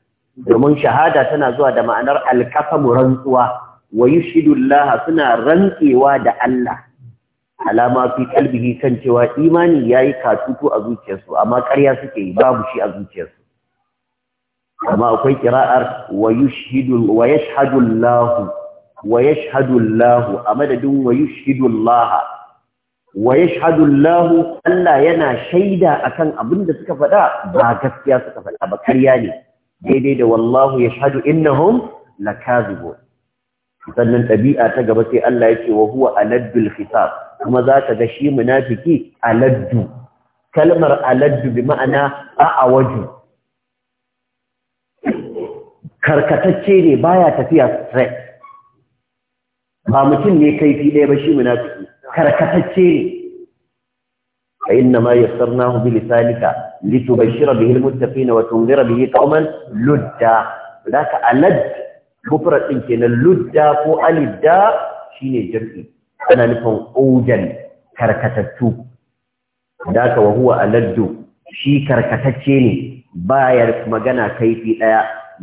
[SPEAKER 1] domin shahada tana zuwa da ma'anar alkasamu rantsuwa wa yushidu Allah suna rantsewa da Allah alama fi kalbihi kan cewa imani yayi katutu a zuciyarsu amma ƙarya suke yi babu shi a zuciyarsu amma akwai kira'ar wa yushidu wa yashhadu Allah wa yashhadu Allah a madadin wa yushidu Allah wa yashhadu Allah Allah yana shaida akan abin da suka faɗa ba gaskiya suka faɗa ba ƙarya ne daidai da wallahu yashhadu innahum lakazibun sannan ɗabi'a ta gaba sai Allah ya ce wa huwa aladdul hisab kuma za ka ga shi munafiki aladdu kalmar aladdu bi ma'ana a'awaju karkatacce ne baya tafiya stress. ba mutum ne kaifi ɗaya ba shi munafiki karkatacce ne fa inna ma yassarnahu bi lisanika litubashshira bihi almuttaqina wa tunzira bihi qauman ludda laka alad mufrad din kenan ludda ko alidda shine jam'i ana nufin ujan karkatattu daka wa huwa aladdu shi karkatacce ne baya magana kaifi daya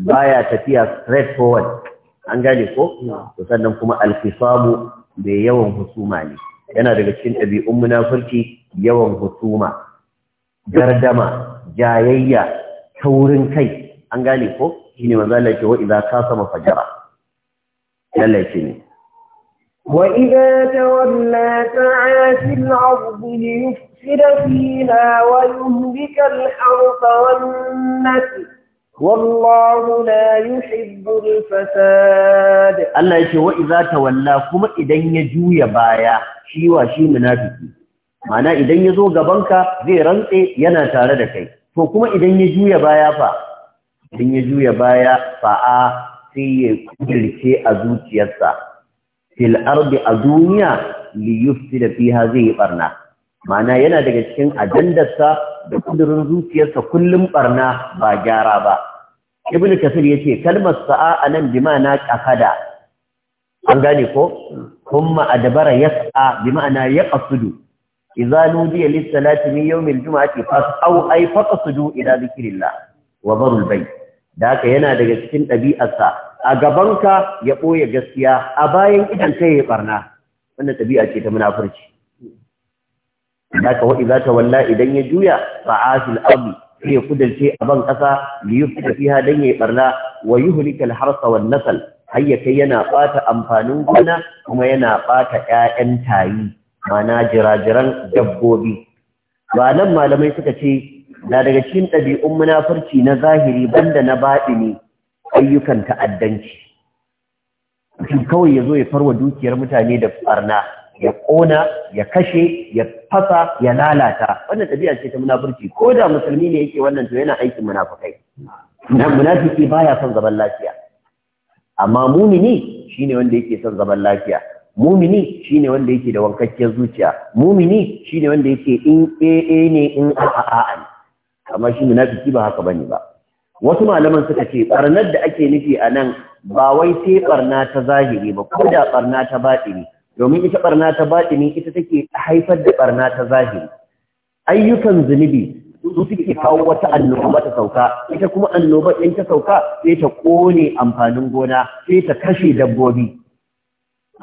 [SPEAKER 1] baya tafiya straight forward an gane ko to sannan kuma alfisamu mai yawan husuma ne yana daga cikin ɗabi'un munafurci yawan husuma gardama jayayya taurin kai an gane ko shine manzo Allah ke wa idza kasama fajara Allah yake ne
[SPEAKER 2] wa idza tawalla ta'a fil ardi yufsida fiha wa yuhlika al-harta wan-nasl wallahu la yuhibbu al-fasad
[SPEAKER 1] Allah yake wa idza tawalla kuma idan ya juya baya shi wa shi munafiki mana idan yazo gabanka zai rantse yana tare da kai to kuma idan ya juya baya fa idan ya juya baya fa a sai ya kulce a zuciyarsa fil ardi a duniya li yufsida fiha zai barna ma'ana yana daga cikin ajandarsa da kudurin zuciyarsa kullum barna ba gyara ba ibn kasir yace kalmar sa'a anan bi ma'ana ƙafada an gane ko kuma adbara yas'a bi ma'ana yaqsudu idza nudiya lis-salati min yawm al-jum'ati fas'au ay faqsudu ila dhikrillah wa barul bayt da haka yana daga cikin ɗabi'arsa a gabanka ya ɓoye gaskiya a bayan idan kai ya barna wannan ɗabi'a ce ta munafurci haka wa idza walla idan ya juya fa asil ardi sai ya kudance a ban kasa li yufta fiha dan yayi barna wa yuhlika al harsa ya kai hayyaka yana ɓata amfanin gona kuma yana ɓata ƴaƴan tayi mana jiran dabbobi ba nan malamai suka ce na daga cikin ɗabi'un munafurci na zahiri banda na baɗini ayyukan ta'addanci kawai ya zo ya farwa dukiyar mutane da ɓarna? ya ƙona, ya kashe ya fasa ya lalata wannan tabi'a ce ta munafurci ko da musulmi ne yake wannan to yana aikin munafukai nan munafiki baya son zaman lafiya amma mumini shine wanda yake son zaman lafiya mumini shine wanda yake da wankakken zuciya mumini shine wanda yake in ee eh, eh, ne in a'a ne amma shi munafiki ba haka bane ba wasu malaman suka ce barnar da ake nufi a nan ba wai sai barna ta zahiri ba ko da barna ta batini domin ita barna ta batini ita take haifar da barna ta zahiri ayyukan zunubi su suke kawo wata annoba ta sauka ita kuma annoba ɗin ta sauka sai ta ƙone amfanin gona sai ta kashe dabbobi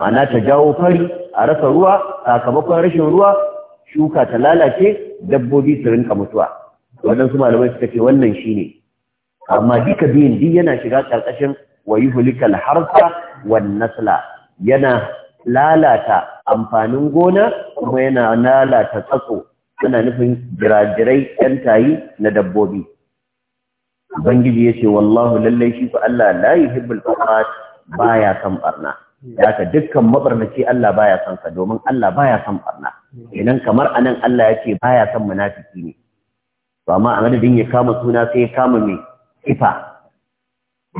[SPEAKER 1] ma'ana ta jawo fari a rasa ruwa sakamakon rashin ruwa shuka ta lalace dabbobi su rinka mutuwa wannan su malamai suka ce wannan shine amma duka biyun duk yana shiga ƙarƙashin wa yuhlikal harsa wan nasla yana lalata amfanin gona kuma yana lalata tsatso yana nufin jirajirai ɗan tayi na dabbobi Bangiji ya ce wallahu lallai shi ku Allah la yuhibbul ba baya san barna ka dukkan mabarnaci Allah baya san ka domin Allah baya san barna idan kamar anan Allah ya ce baya san munafiki ne to amma a madadin ya kama suna sai ya kama mai sifa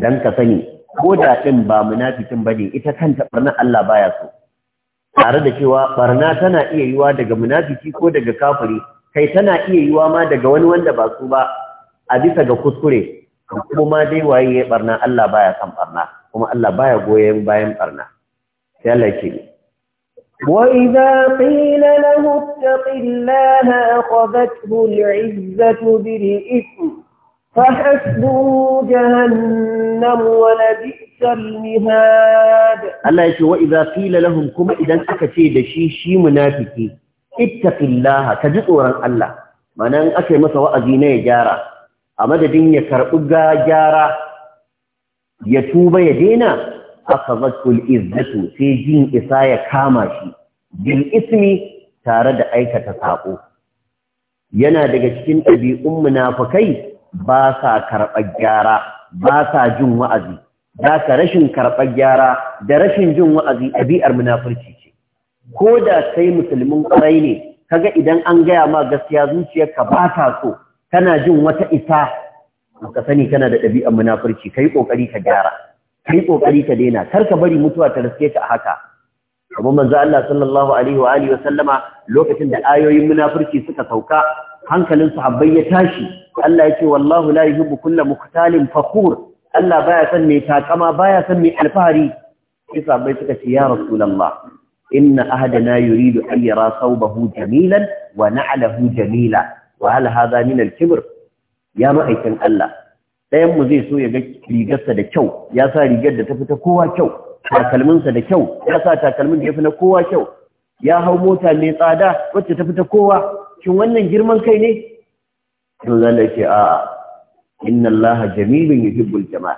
[SPEAKER 1] idan ka sani ko da ɗin ba munafikin ba ne ita kanta barna Allah baya so tare da cewa ɓarna tana iya yiwa daga munafiki ko daga kafiri kai tana iya yiwa ma daga wani wanda ba su ba a bisa ga kuskure kuma dai waye ya barna Allah baya san barna kuma Allah baya goyen bayan barna sai Allah ke
[SPEAKER 2] وَإِذَا قِيلَ لَهُ اتَّقِ اللَّهَ أَخَذَتْهُ الْعِزَّةُ بِالْإِثْمِ Allah
[SPEAKER 1] ya ce wa iza fila lahum idan aka ce da shi shi munafiki ittaqillaha ka ji tsoron Allah mana in aka yi masa wa'azi na ya gyara a madadin ya karbi gyara ya tuba ya daina aka zakul izzatu sai jin isa ya kama shi bil ismi tare da aikata saƙo. yana daga cikin ɗabi'un munafikai ba sa karɓar gyara ba sa jin wa'azi za ka rashin karɓar gyara da rashin jin wa'azi ɗabi'ar munafurci ce ko da sai musulmin ƙwarai ne kaga idan an gaya ma gaskiya zuciya ka ba ta so kana jin wata isa ka sani kana da ɗabi'ar munafurci kai ƙoƙari ka gyara kai ƙoƙari ka daina kar ka bari mutuwa ta riske ka haka kuma manzo Allah sallallahu alaihi wa alihi wa sallama lokacin da ayoyin munafurci suka sauka hankalin sahabbai ya tashi Allah yake wallahu la yuhibbu kulla mukhtalin fakhur Allah baya san mai takama baya san mai alfahari sai sahabbai suka ce ya rasulullah inna ahadana yuridu an yara thawbahu jamilan wa na'lahu jamila wa hal hadha min al-kibr ya ma'aikin Allah ɗayan mu zai so ya ga rigarsa da kyau ya sa rigar da ta fita kowa kyau takalminsa da kyau ya sa takalmin da ya fi na kowa kyau ya hau mota mai tsada wacce ta fita kowa shin wannan girman kai ne to zalla ce a inna allaha jamilun yuhibbul jamal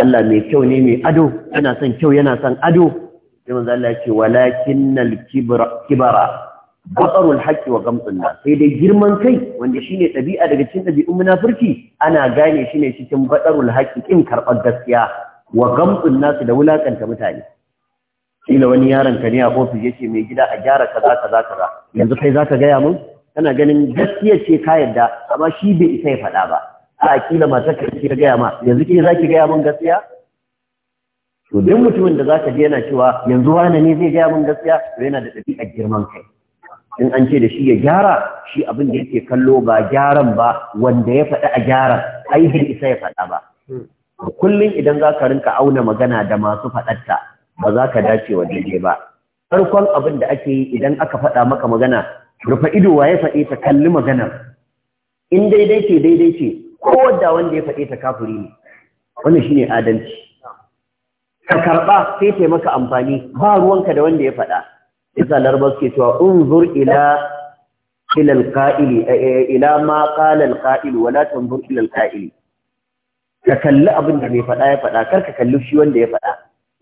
[SPEAKER 1] Allah mai kyau ne mai ado yana son kyau yana son ado sai manzo Allah ce walakinnal kibara batarul haqqi wa gamtun nas sai dai girman kai wanda shine dabi'a daga cikin dabi'un munafurci ana gane shi ne cikin batarul haqqi kin karbar gaskiya wa gamtun nas da wulakanta mutane kila wani yaron ka ne a ofis yace mai gida a gyara kaza kaza kaza yanzu kai zaka gaya mun kana ganin gaskiya ce ka yadda amma shi bai isa ya faɗa ba a kila ta kai ga gaya ma yanzu ke za ki gaya mun gaskiya to duk mutumin da zaka ji yana cewa yanzu wani ne zai gaya mun gaskiya to yana da ɗabi'ar girman kai in an ce da shi ya gyara shi abin da yake kallo ba gyaran ba wanda ya faɗi a gyaran ai bai isa ya faɗa ba kullum idan za ka rinka auna magana da masu faɗarta ba za ka dace wa daidai ba farkon abin da ake yi idan aka faɗa maka magana Rufe ido wa ya faɗe ta kalli maganar in daidai ce daidai ce ko wadda wanda ya faɗe ta kafuri ne wannan shine adalci ka karɓa sai ta maka amfani ba ruwanka da wanda ya faɗa yasa larabar ke cewa unzur ila ila alqa'ili eh, eh, ila ma qala alqa'il wa la tanzur ila ka kalli abin da mai faɗa ya faɗa kar ka kalli shi wanda ya faɗa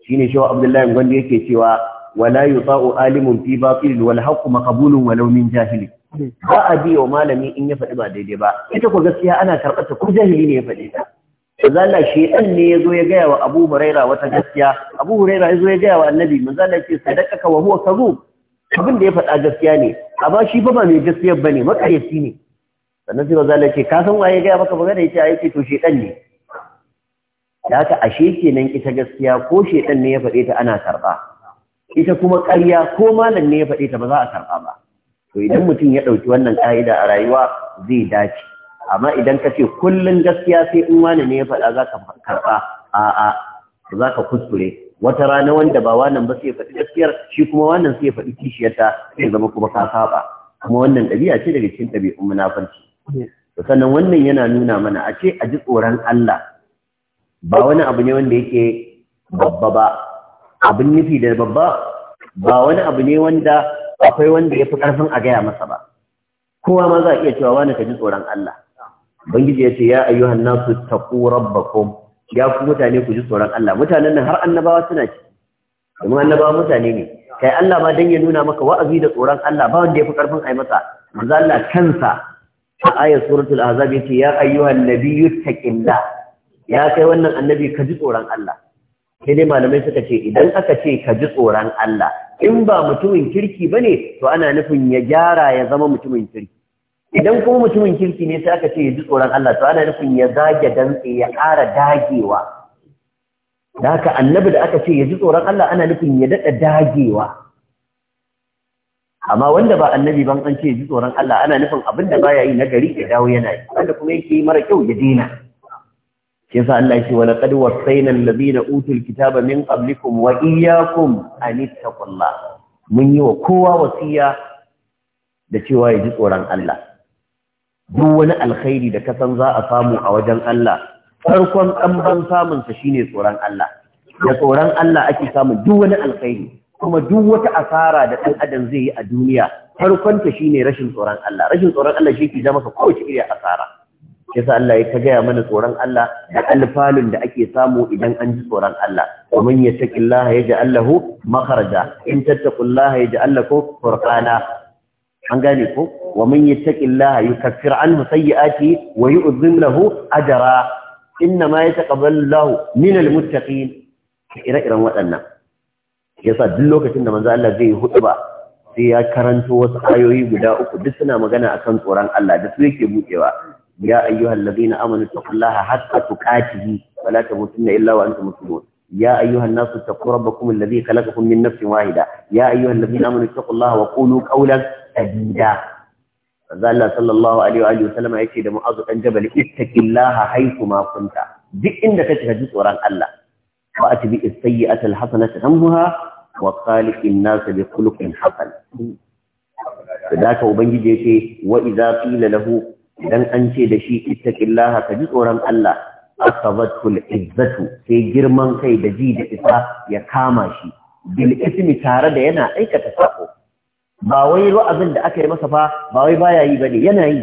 [SPEAKER 1] shine shawa abdullahi gwanda yake cewa wala yuta'u alimun fi batil wal haqqu maqbulun walau min jahili ba a biyo malami in ya faɗi ba daidai ba ita ko gaskiya ana karɓar ta ko jahili ne ya faɗi ta manzo Allah shedan ne yazo ya gaya wa Abu Huraira wata gaskiya Abu Huraira yazo ya gaya wa Annabi manzo Allah ce sadaqaka wa huwa kadhub abin da ya faɗa gaskiya ne amma shi ba ba mai gaskiya bane makaryaci ne sannan sai manzo Allah ce ka san waye gaya maka magana yace ai ce to shedan ne da haka ashe kenan ita gaskiya ko shedan ne ya faɗe ta ana karɓa ita kuma ƙarya ko malam ne ya faɗe ta ba za a karɓa ba to idan mutum ya ɗauki wannan ƙa'ida a rayuwa zai dace amma idan ka ce kullum gaskiya sai in wani ne ya faɗa za ka karɓa a'a za ka kuskure wata rana wanda ba wannan ba sai ya faɗi gaskiyar shi kuma wannan sai ya faɗi kishiyarta sai zama kuma ka saba kuma wannan ɗabi'a ce daga cikin ɗabi'un munafarci sannan wannan yana nuna mana a ce a ji tsoron Allah ba wani abu ne wanda yake babba ba abin nufi da babba
[SPEAKER 2] ba wani abu
[SPEAKER 1] ne wanda akwai wanda ya fi ƙarfin a gaya masa ba kowa ma za a iya cewa wani ka ji tsoron Allah Bangiji ya ce ya ayyuhan nasu taqu rabbakum ya ku mutane ku ji tsoron Allah mutanen nan har annabawa suna ci domin annabawa mutane ne kai Allah ma dan ya nuna maka wa'azi da tsoron Allah ba wanda ya fi ƙarfin ai masa manzo Allah kansa a ayat suratul ahzab yace ya ayyuhan nabiyyu taqillah ya kai wannan annabi ka ji tsoron Allah sai dai malamai suka ce idan aka ce ka ji tsoron Allah in ba mutumin kirki bane to ana nufin ya gyara ya zama mutumin kirki idan kuma mutumin kirki ne sai aka ce ya ji tsoron Allah to ana nufin ya zage dantse ya ƙara dagewa da haka annabi da aka ce ya ji tsoron Allah ana nufin ya daɗa dagewa amma wanda ba annabi ban an ce ya ji tsoron Allah ana nufin abin da baya yi na gari ya dawo yana yi wanda kuma yake yi mara kyau ya daina shi yasa Allah yake wala qad wasayna alladhina utul kitaba min qablikum wa iyyakum an ittaqullah mun yi wa kowa wasiya da cewa ya ji tsoron Allah duk wani alkhairi da ka san za a samu a wajen Allah farkon ɗanban samun sa shine tsoron Allah da tsoron Allah ake samun duk wani alkhairi kuma duk wata asara da ɗan adam zai yi a duniya farkonta shine rashin tsoron Allah rashin tsoron Allah shi ke zama ka kowace iri asara yasa Allah ya ta gaya mana tsoron Allah da alfalun da ake samu idan an ji tsoron Allah ومن يتق الله يجعل له مخرجا ان تتقوا الله an gane ko wa man yattaqillaha yukaffir anhu sayyi'atihi wa yu'dhim lahu ajra inna ma yataqabbalu Allahu minal ire-iren waɗannan yasa duk lokacin da manzo Allah zai hutuba sai ya karanto wasu ayoyi guda uku duk suna magana akan tsoron Allah da su yake bukewa يا أيها الذين آمنوا اتقوا الله حتى تقاته ولا تموتن إلا وأنتم مسلمون يا أيها الناس اتقوا ربكم الذي خلقكم من نفس واحدة يا أيها الذين آمنوا اتقوا الله وقولوا قولا سديدا فذل صلى الله عليه وآله وسلم يكي دم أزو أنجبل اتق الله حيثما كنت دي إنك تهجد وران الله وأتبع السيئة الحسنة همها وخالق الناس بخلق حسن فذاك أبنجي جيتي وإذا قيل له idan an ce da shi ittaqillaha ka ji tsoron Allah asabatul izzatu sai girman kai da ji da isa ya kama shi bil ismi tare da yana aikata sako ba wai abin da aka yi masa fa ba wai baya yi bane yana yi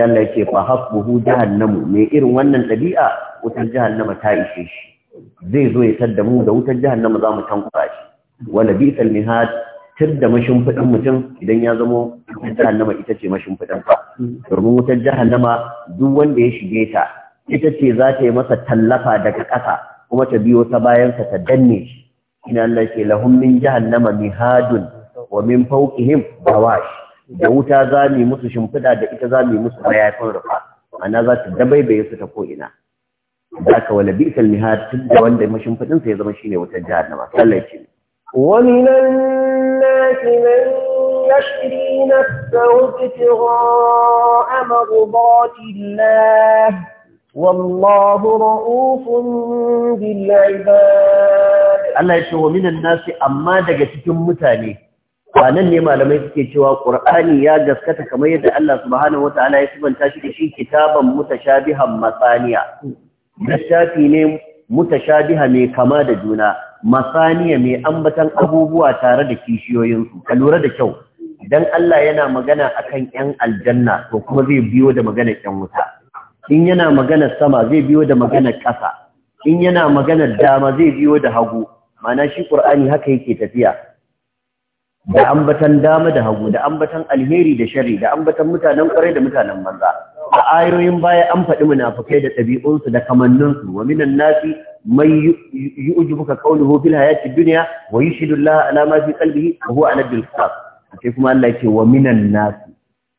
[SPEAKER 1] yalla yake fa hasbuhu jahannamu me irin wannan dabi'a wutar jahannama ta ishe shi zai zo ya tadda mu da wutar jahannama za mu tankura shi wala bi'sal mihad tir da mashimfiɗin mutum idan ya zama wutar jahannama ita ce mashimfiɗin ba domin wutar jahannama duk wanda ya shige ta ita ce za ta yi masa tallafa daga ƙasa kuma ta biyo ta bayansa ta danne shi ina Allah ke lahum min jahannama mihadun wa min fawqihim bawash da wuta za mu musu shimfiɗa da ita za mu musu mayafin rufa ana za ta dabaibaye su ta ko ina da aka wala bi'sal mihad tun da wanda mashimfiɗin ya zama shine wutar jahannama sallaci ومن الناس
[SPEAKER 2] من يشري نفسه ابتغاء مرضات الله
[SPEAKER 1] والله رؤوف بالعباد Allah ya ce wa minan nasi amma daga cikin mutane ba nan ne malamai suke cewa Qur'ani ya gaskata kamar yadda Allah subhanahu wataala ya subanta shi da shi kitaban mutashabihan matsaniya littafi ne mutashabiha mai kama da juna masaniya mai ambatan abubuwa tare da kishiyoyinsu ka lura da kyau idan Allah yana magana a kan 'yan aljanna to kuma zai biyo da magana ƴan wuta in yana magana sama zai biyo da magana ƙasa in yana magana dama zai biyo da hagu mana shi ƙur'ani haka yake tafiya da ambatan dama da hagu da ambatan alheri da shari da ambatan mutanen ƙwarai da mutanen manza. a ayoyin baya an faɗi munafukai da ɗabi'unsu da kamanninsu wa minan nasi man yu'jibuka qawluhu fil hayati dunya wa yushhidu Allah ala alama fi qalbihi wa huwa ala bil sai kuma Allah yake wa minan nasi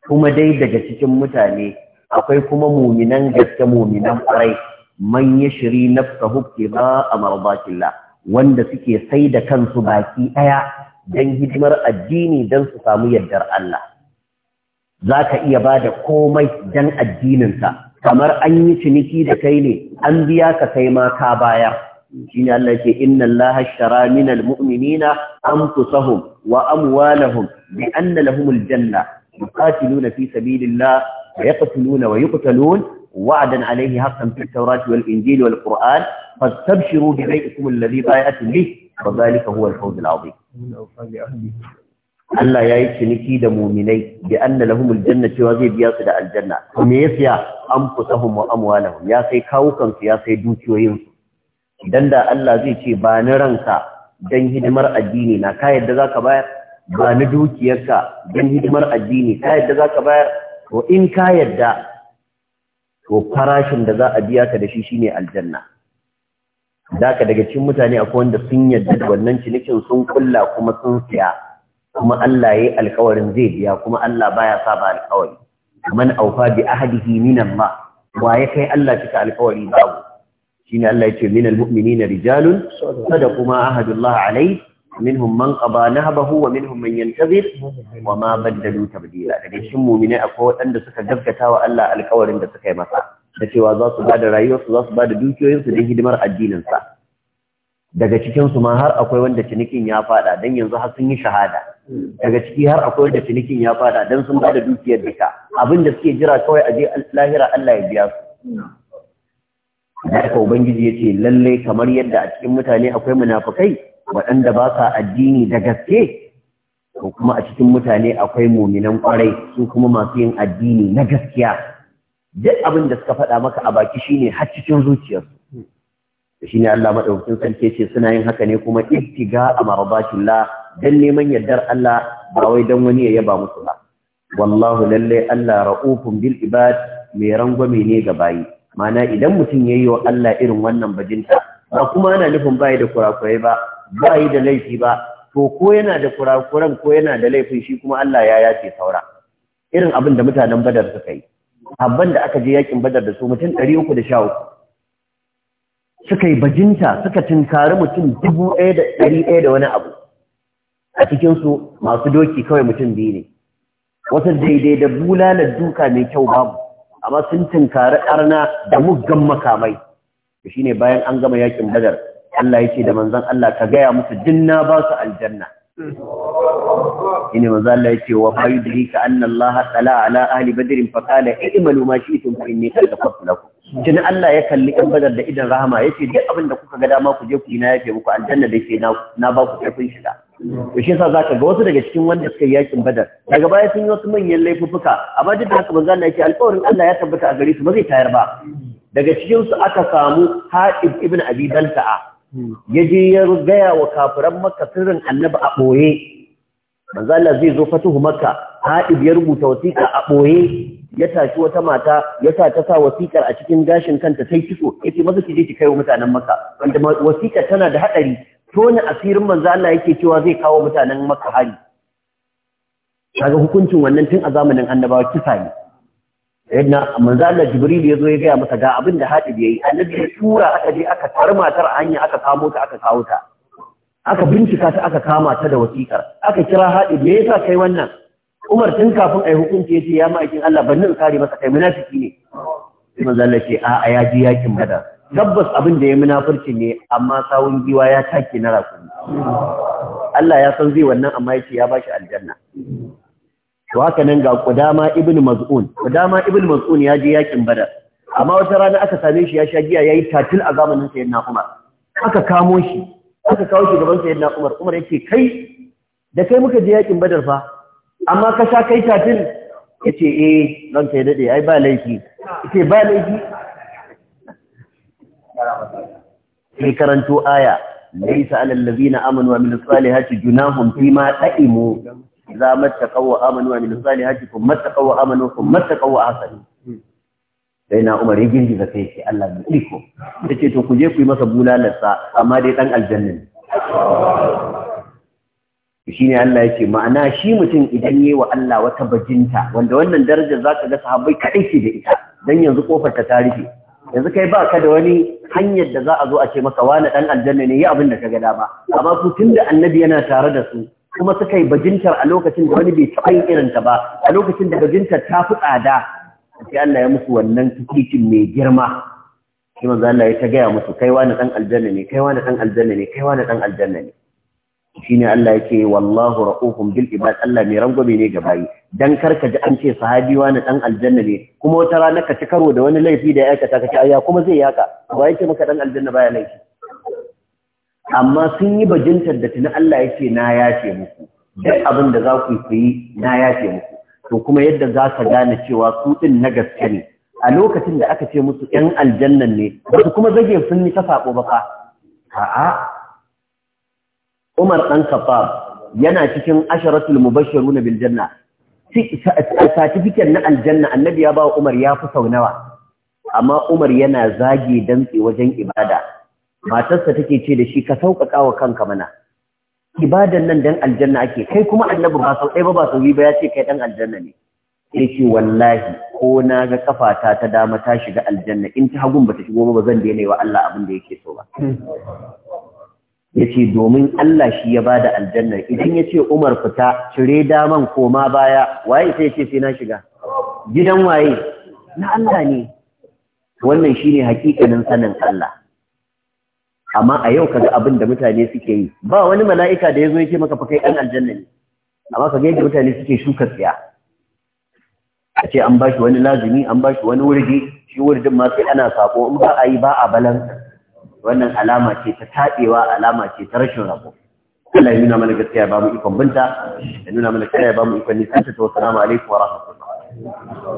[SPEAKER 1] kuma dai daga cikin mutane akwai kuma muminan gaske muminan kwarai man yashri ba a amradatillah wanda suke sai da kansu baki ɗaya don hidimar addini dan su samu yardar Allah za ka iya ba da komai don addininsa kamar an yi ciniki da kai ne an biya ka kai ma ka bayar shi ne Allah ke inna Allah shara min almu'minina anfusahum wa amwalahum bi anna lahum aljanna yuqatiluna fi sabilillah wa yaqtuluna wa yuqtalun wa'dan alayhi haqqan fi at-taurati wal injil wal qur'an fastabshiru bi bay'ikum alladhi ba'atum bih wa dhalika huwa al-fawz
[SPEAKER 2] al-'azim
[SPEAKER 1] Allah ya yi ciniki da muminai bi anna lahum aljanna cewa zai biya su da aljanna me ya siya an fusahum wa amwalahum ya sai kawukan su ya sai dukiyoyin su idan da Allah zai ce ba ni ranka dan hidimar addini na ka yadda zaka bayar ba ni dukiyarka dan hidimar addini ka yadda zaka bayar to in ka yadda to farashin da za a biya ka da shi shine aljanna zaka daga cikin mutane akwai wanda sun yadda wannan cinikin sun kulla kuma sun siya kuma Allah ya yi alkawarin zai biya kuma Allah baya ba alkawari man aufa bi ahadihi min Allah wa ya kai Allah cika alkawari babu shine Allah yace min almu'minina rijalun sada kuma ahadullah alayhi minhum man qada nahbahu wa minhum man yantazir wa ma badalu tabdila daga cikin mu'minai akwai waɗanda suka gaskata wa Allah alkawarin da suka yi masa da cewa za su ba da rayuwarsu za su ba da dukiyoyinsu don hidimar addininsa daga cikinsu ma har akwai wanda cinikin ya fada don yanzu har sun yi shahada daga ciki har akwai da cinikin ya fada don sun da dukiyar dika abin da suke jira kawai a je lahira Allah ya biya su da aka ubangiji ya ce lalle kamar yadda a cikin mutane akwai munafukai waɗanda ba sa addini da gaske ko kuma a cikin mutane akwai muminan kwarai su kuma masu yin addini na gaskiya duk abin da suka faɗa maka a baki shine har cikin zuciyarsu shine Allah madaukakin sarki ce suna yin haka ne kuma ibtiga amarabatillah dan neman yardar Allah ba wai dan wani ya yaba musu ba wallahu lalle Allah ra'ufun bil ibad mai rangwame ne ga bayi mana idan mutum yayi wa Allah irin wannan bajinta ba kuma ana nufin bayi da kurakurai ba bayi da laifi ba to ko yana da kurakuran ko yana da laifin shi kuma Allah ya yace saura irin abin da mutanen Badar suka yi abban da aka je yakin Badar da su mutum 313 suka yi bajinta suka tunkari mutum dubu ɗaya da ɗari ɗaya da wani abu a cikinsu masu doki kawai mutum biyu ne wasu daidai da bulalar duka mai kyau babu amma sun tunkari arna da muggan makamai da bayan an gama yakin badar Allah ya ce da manzan Allah ka gaya musu dinna ba su aljanna ina maza Allah ya ce wa fa yudrika anna Allah ala ahli badr fa qala i'malu ma shi'tum fa inni qad ghafartu ku. tun Allah ya kalli 'yan badar da idan rahama yace duk abin da kuka ga dama ku je ku yi na yafe muku aljanna da ke na ba ku karfin shiga to shi yasa zaka ga wasu daga cikin wanda suka yi yakin badar daga baya sun yi wasu manyan laifuffuka amma duk da haka manzo Allah yake alƙawarin Allah ya tabbata a gare su ba zai tayar ba daga cikin su aka samu Hatib ibn Abi Balta'a ya je ya gaya wa kafiran Makka sirrin Annabi a boye manzo Allah zai zo fatuhu Makka Hatib ya rubuta wasiƙa a boye ya tashi wata mata ya sa ta sa wasiƙar a cikin gashin kanta sai kitso yace maza ki je ki kai wa mutanen maka. wanda wasiƙar tana da hadari tona asirin manzo Allah yake cewa zai kawo mutanen Makka hari kaga hukuncin wannan tun a zamanin annabawa kisa ne Idan manzo Allah Jibril ya zo ya gaya masa ga abin da Hadid yayi annabi ya tura aka je aka tar matar a hanya aka kamo ta aka kawo ta aka bincika ta aka kama ta da wasiƙar aka kira Hadid me yasa kai wannan Umar tun kafin ai hukunci yace ya ma'aikin Allah bannin kare masa kai munafiki ne manzo Allah ce a a ya ji yakin Badar tabbas abin da ya munafurci ne amma sawun giwa ya take na rakumi Allah ya san zai wannan amma yace ya ba shi aljanna to haka nan ga kudama ibn Maz'un kudama ibn Maz'un ya je yakin Badar amma wata rana aka same shi ya sha giya yayi tatil a zamanin sayyidina Umar aka kamo shi aka kawo shi gaban sayyidina Umar Umar yake kai da kai muka je yakin Badar fa amma ka sha kai tatil yace eh ranka ya dade ai ba laifi yace ba laifi sai karanto aya laisa alal ladina amanu wa amilus salihati junahum fima ta'imu idza mattaqaw wa amanu wa amilus salihati kum mattaqaw wa amanu kum mattaqaw wa Sai na umar ya da kai shi Allah ya iko yace to ku je ku yi masa bulalarsa amma dai dan aljanna shi ne Allah yake ma'ana shi mutum idan yi wa Allah wata bajinta wanda wannan darajar za ka ga sahabbai kadai ke da ita don yanzu kofar ta rufe yanzu kai ba ka da wani hanyar da za a zo a ce maka wani ɗan aljanna ne yi abin da ka gada ba. amma su tun da annabi yana tare da su kuma suka yi bajintar a lokacin da wani bai taɓa yin irin ta ba a lokacin da bajintar ta fi tsada sai Allah ya musu wannan tikitin mai girma shi manzo Allah ya ta gaya musu kai wani dan aljanna ne kai wani dan aljanna ne kai wani dan aljanna ne ne Allah yake wallahu ra'ufun bil ibad Allah mai rangwame ne ga bayi dan karka ji an ce sahabi wani dan aljanna ne kuma wata rana ka ci karo da wani laifi da ya aikata kace ayya kuma zai yaka ba yake maka dan aljanna baya laifi amma sun yi bajintar da tuni Allah yake na yace muku
[SPEAKER 2] duk abin da za ku
[SPEAKER 1] yi na yafe muku to kuma yadda za ka gane cewa su din na gaske ne a lokacin da aka ce musu yan aljannan ne ba kuma zage sun yi ta sako ba fa a'a Umar ɗan Khattab yana cikin asharatul mubashiru na biljanna. certificate na aljanna annabi ya ba Umar ya fi sau nawa amma Umar yana zage dantse wajen ibada matarsa take ce da shi ka sauƙaƙa wa kanka mana ibadan nan dan aljanna ake kai kuma annabi ba sau ɗaya ba ba sau ba ya ce kai dan aljanna ne Ya ce wallahi ko na ga kafata ta dama ta shiga aljanna in ta hagun bata shigo ba zan daina wa Allah abin da yake so ba hmm. yace domin Allah shi ya bada aljanna idan yace Umar fita cire daman koma baya waye sai yace sai na shiga gidan waye na Allah ne wannan shi ne hakikanin sanin Allah amma a yau kaga abin da mutane suke yi ba wani mala'ika da ya zo ya ce maka fakai kai aljanna ne amma kaga yadda mutane suke shuka tsiya a ce an bashi wani lazumi an bashi wani wurdi shi wurdin ma sai ana sako in ba a yi ba a balansa wannan alama ce ta taɓewa alama ce ta rashin rabo Allah ya nuna mana gaskiya ba mu ikon binta ya nuna mana gaskiya ba mu ikon nisanta ta wasu alaikum wa rahmatullah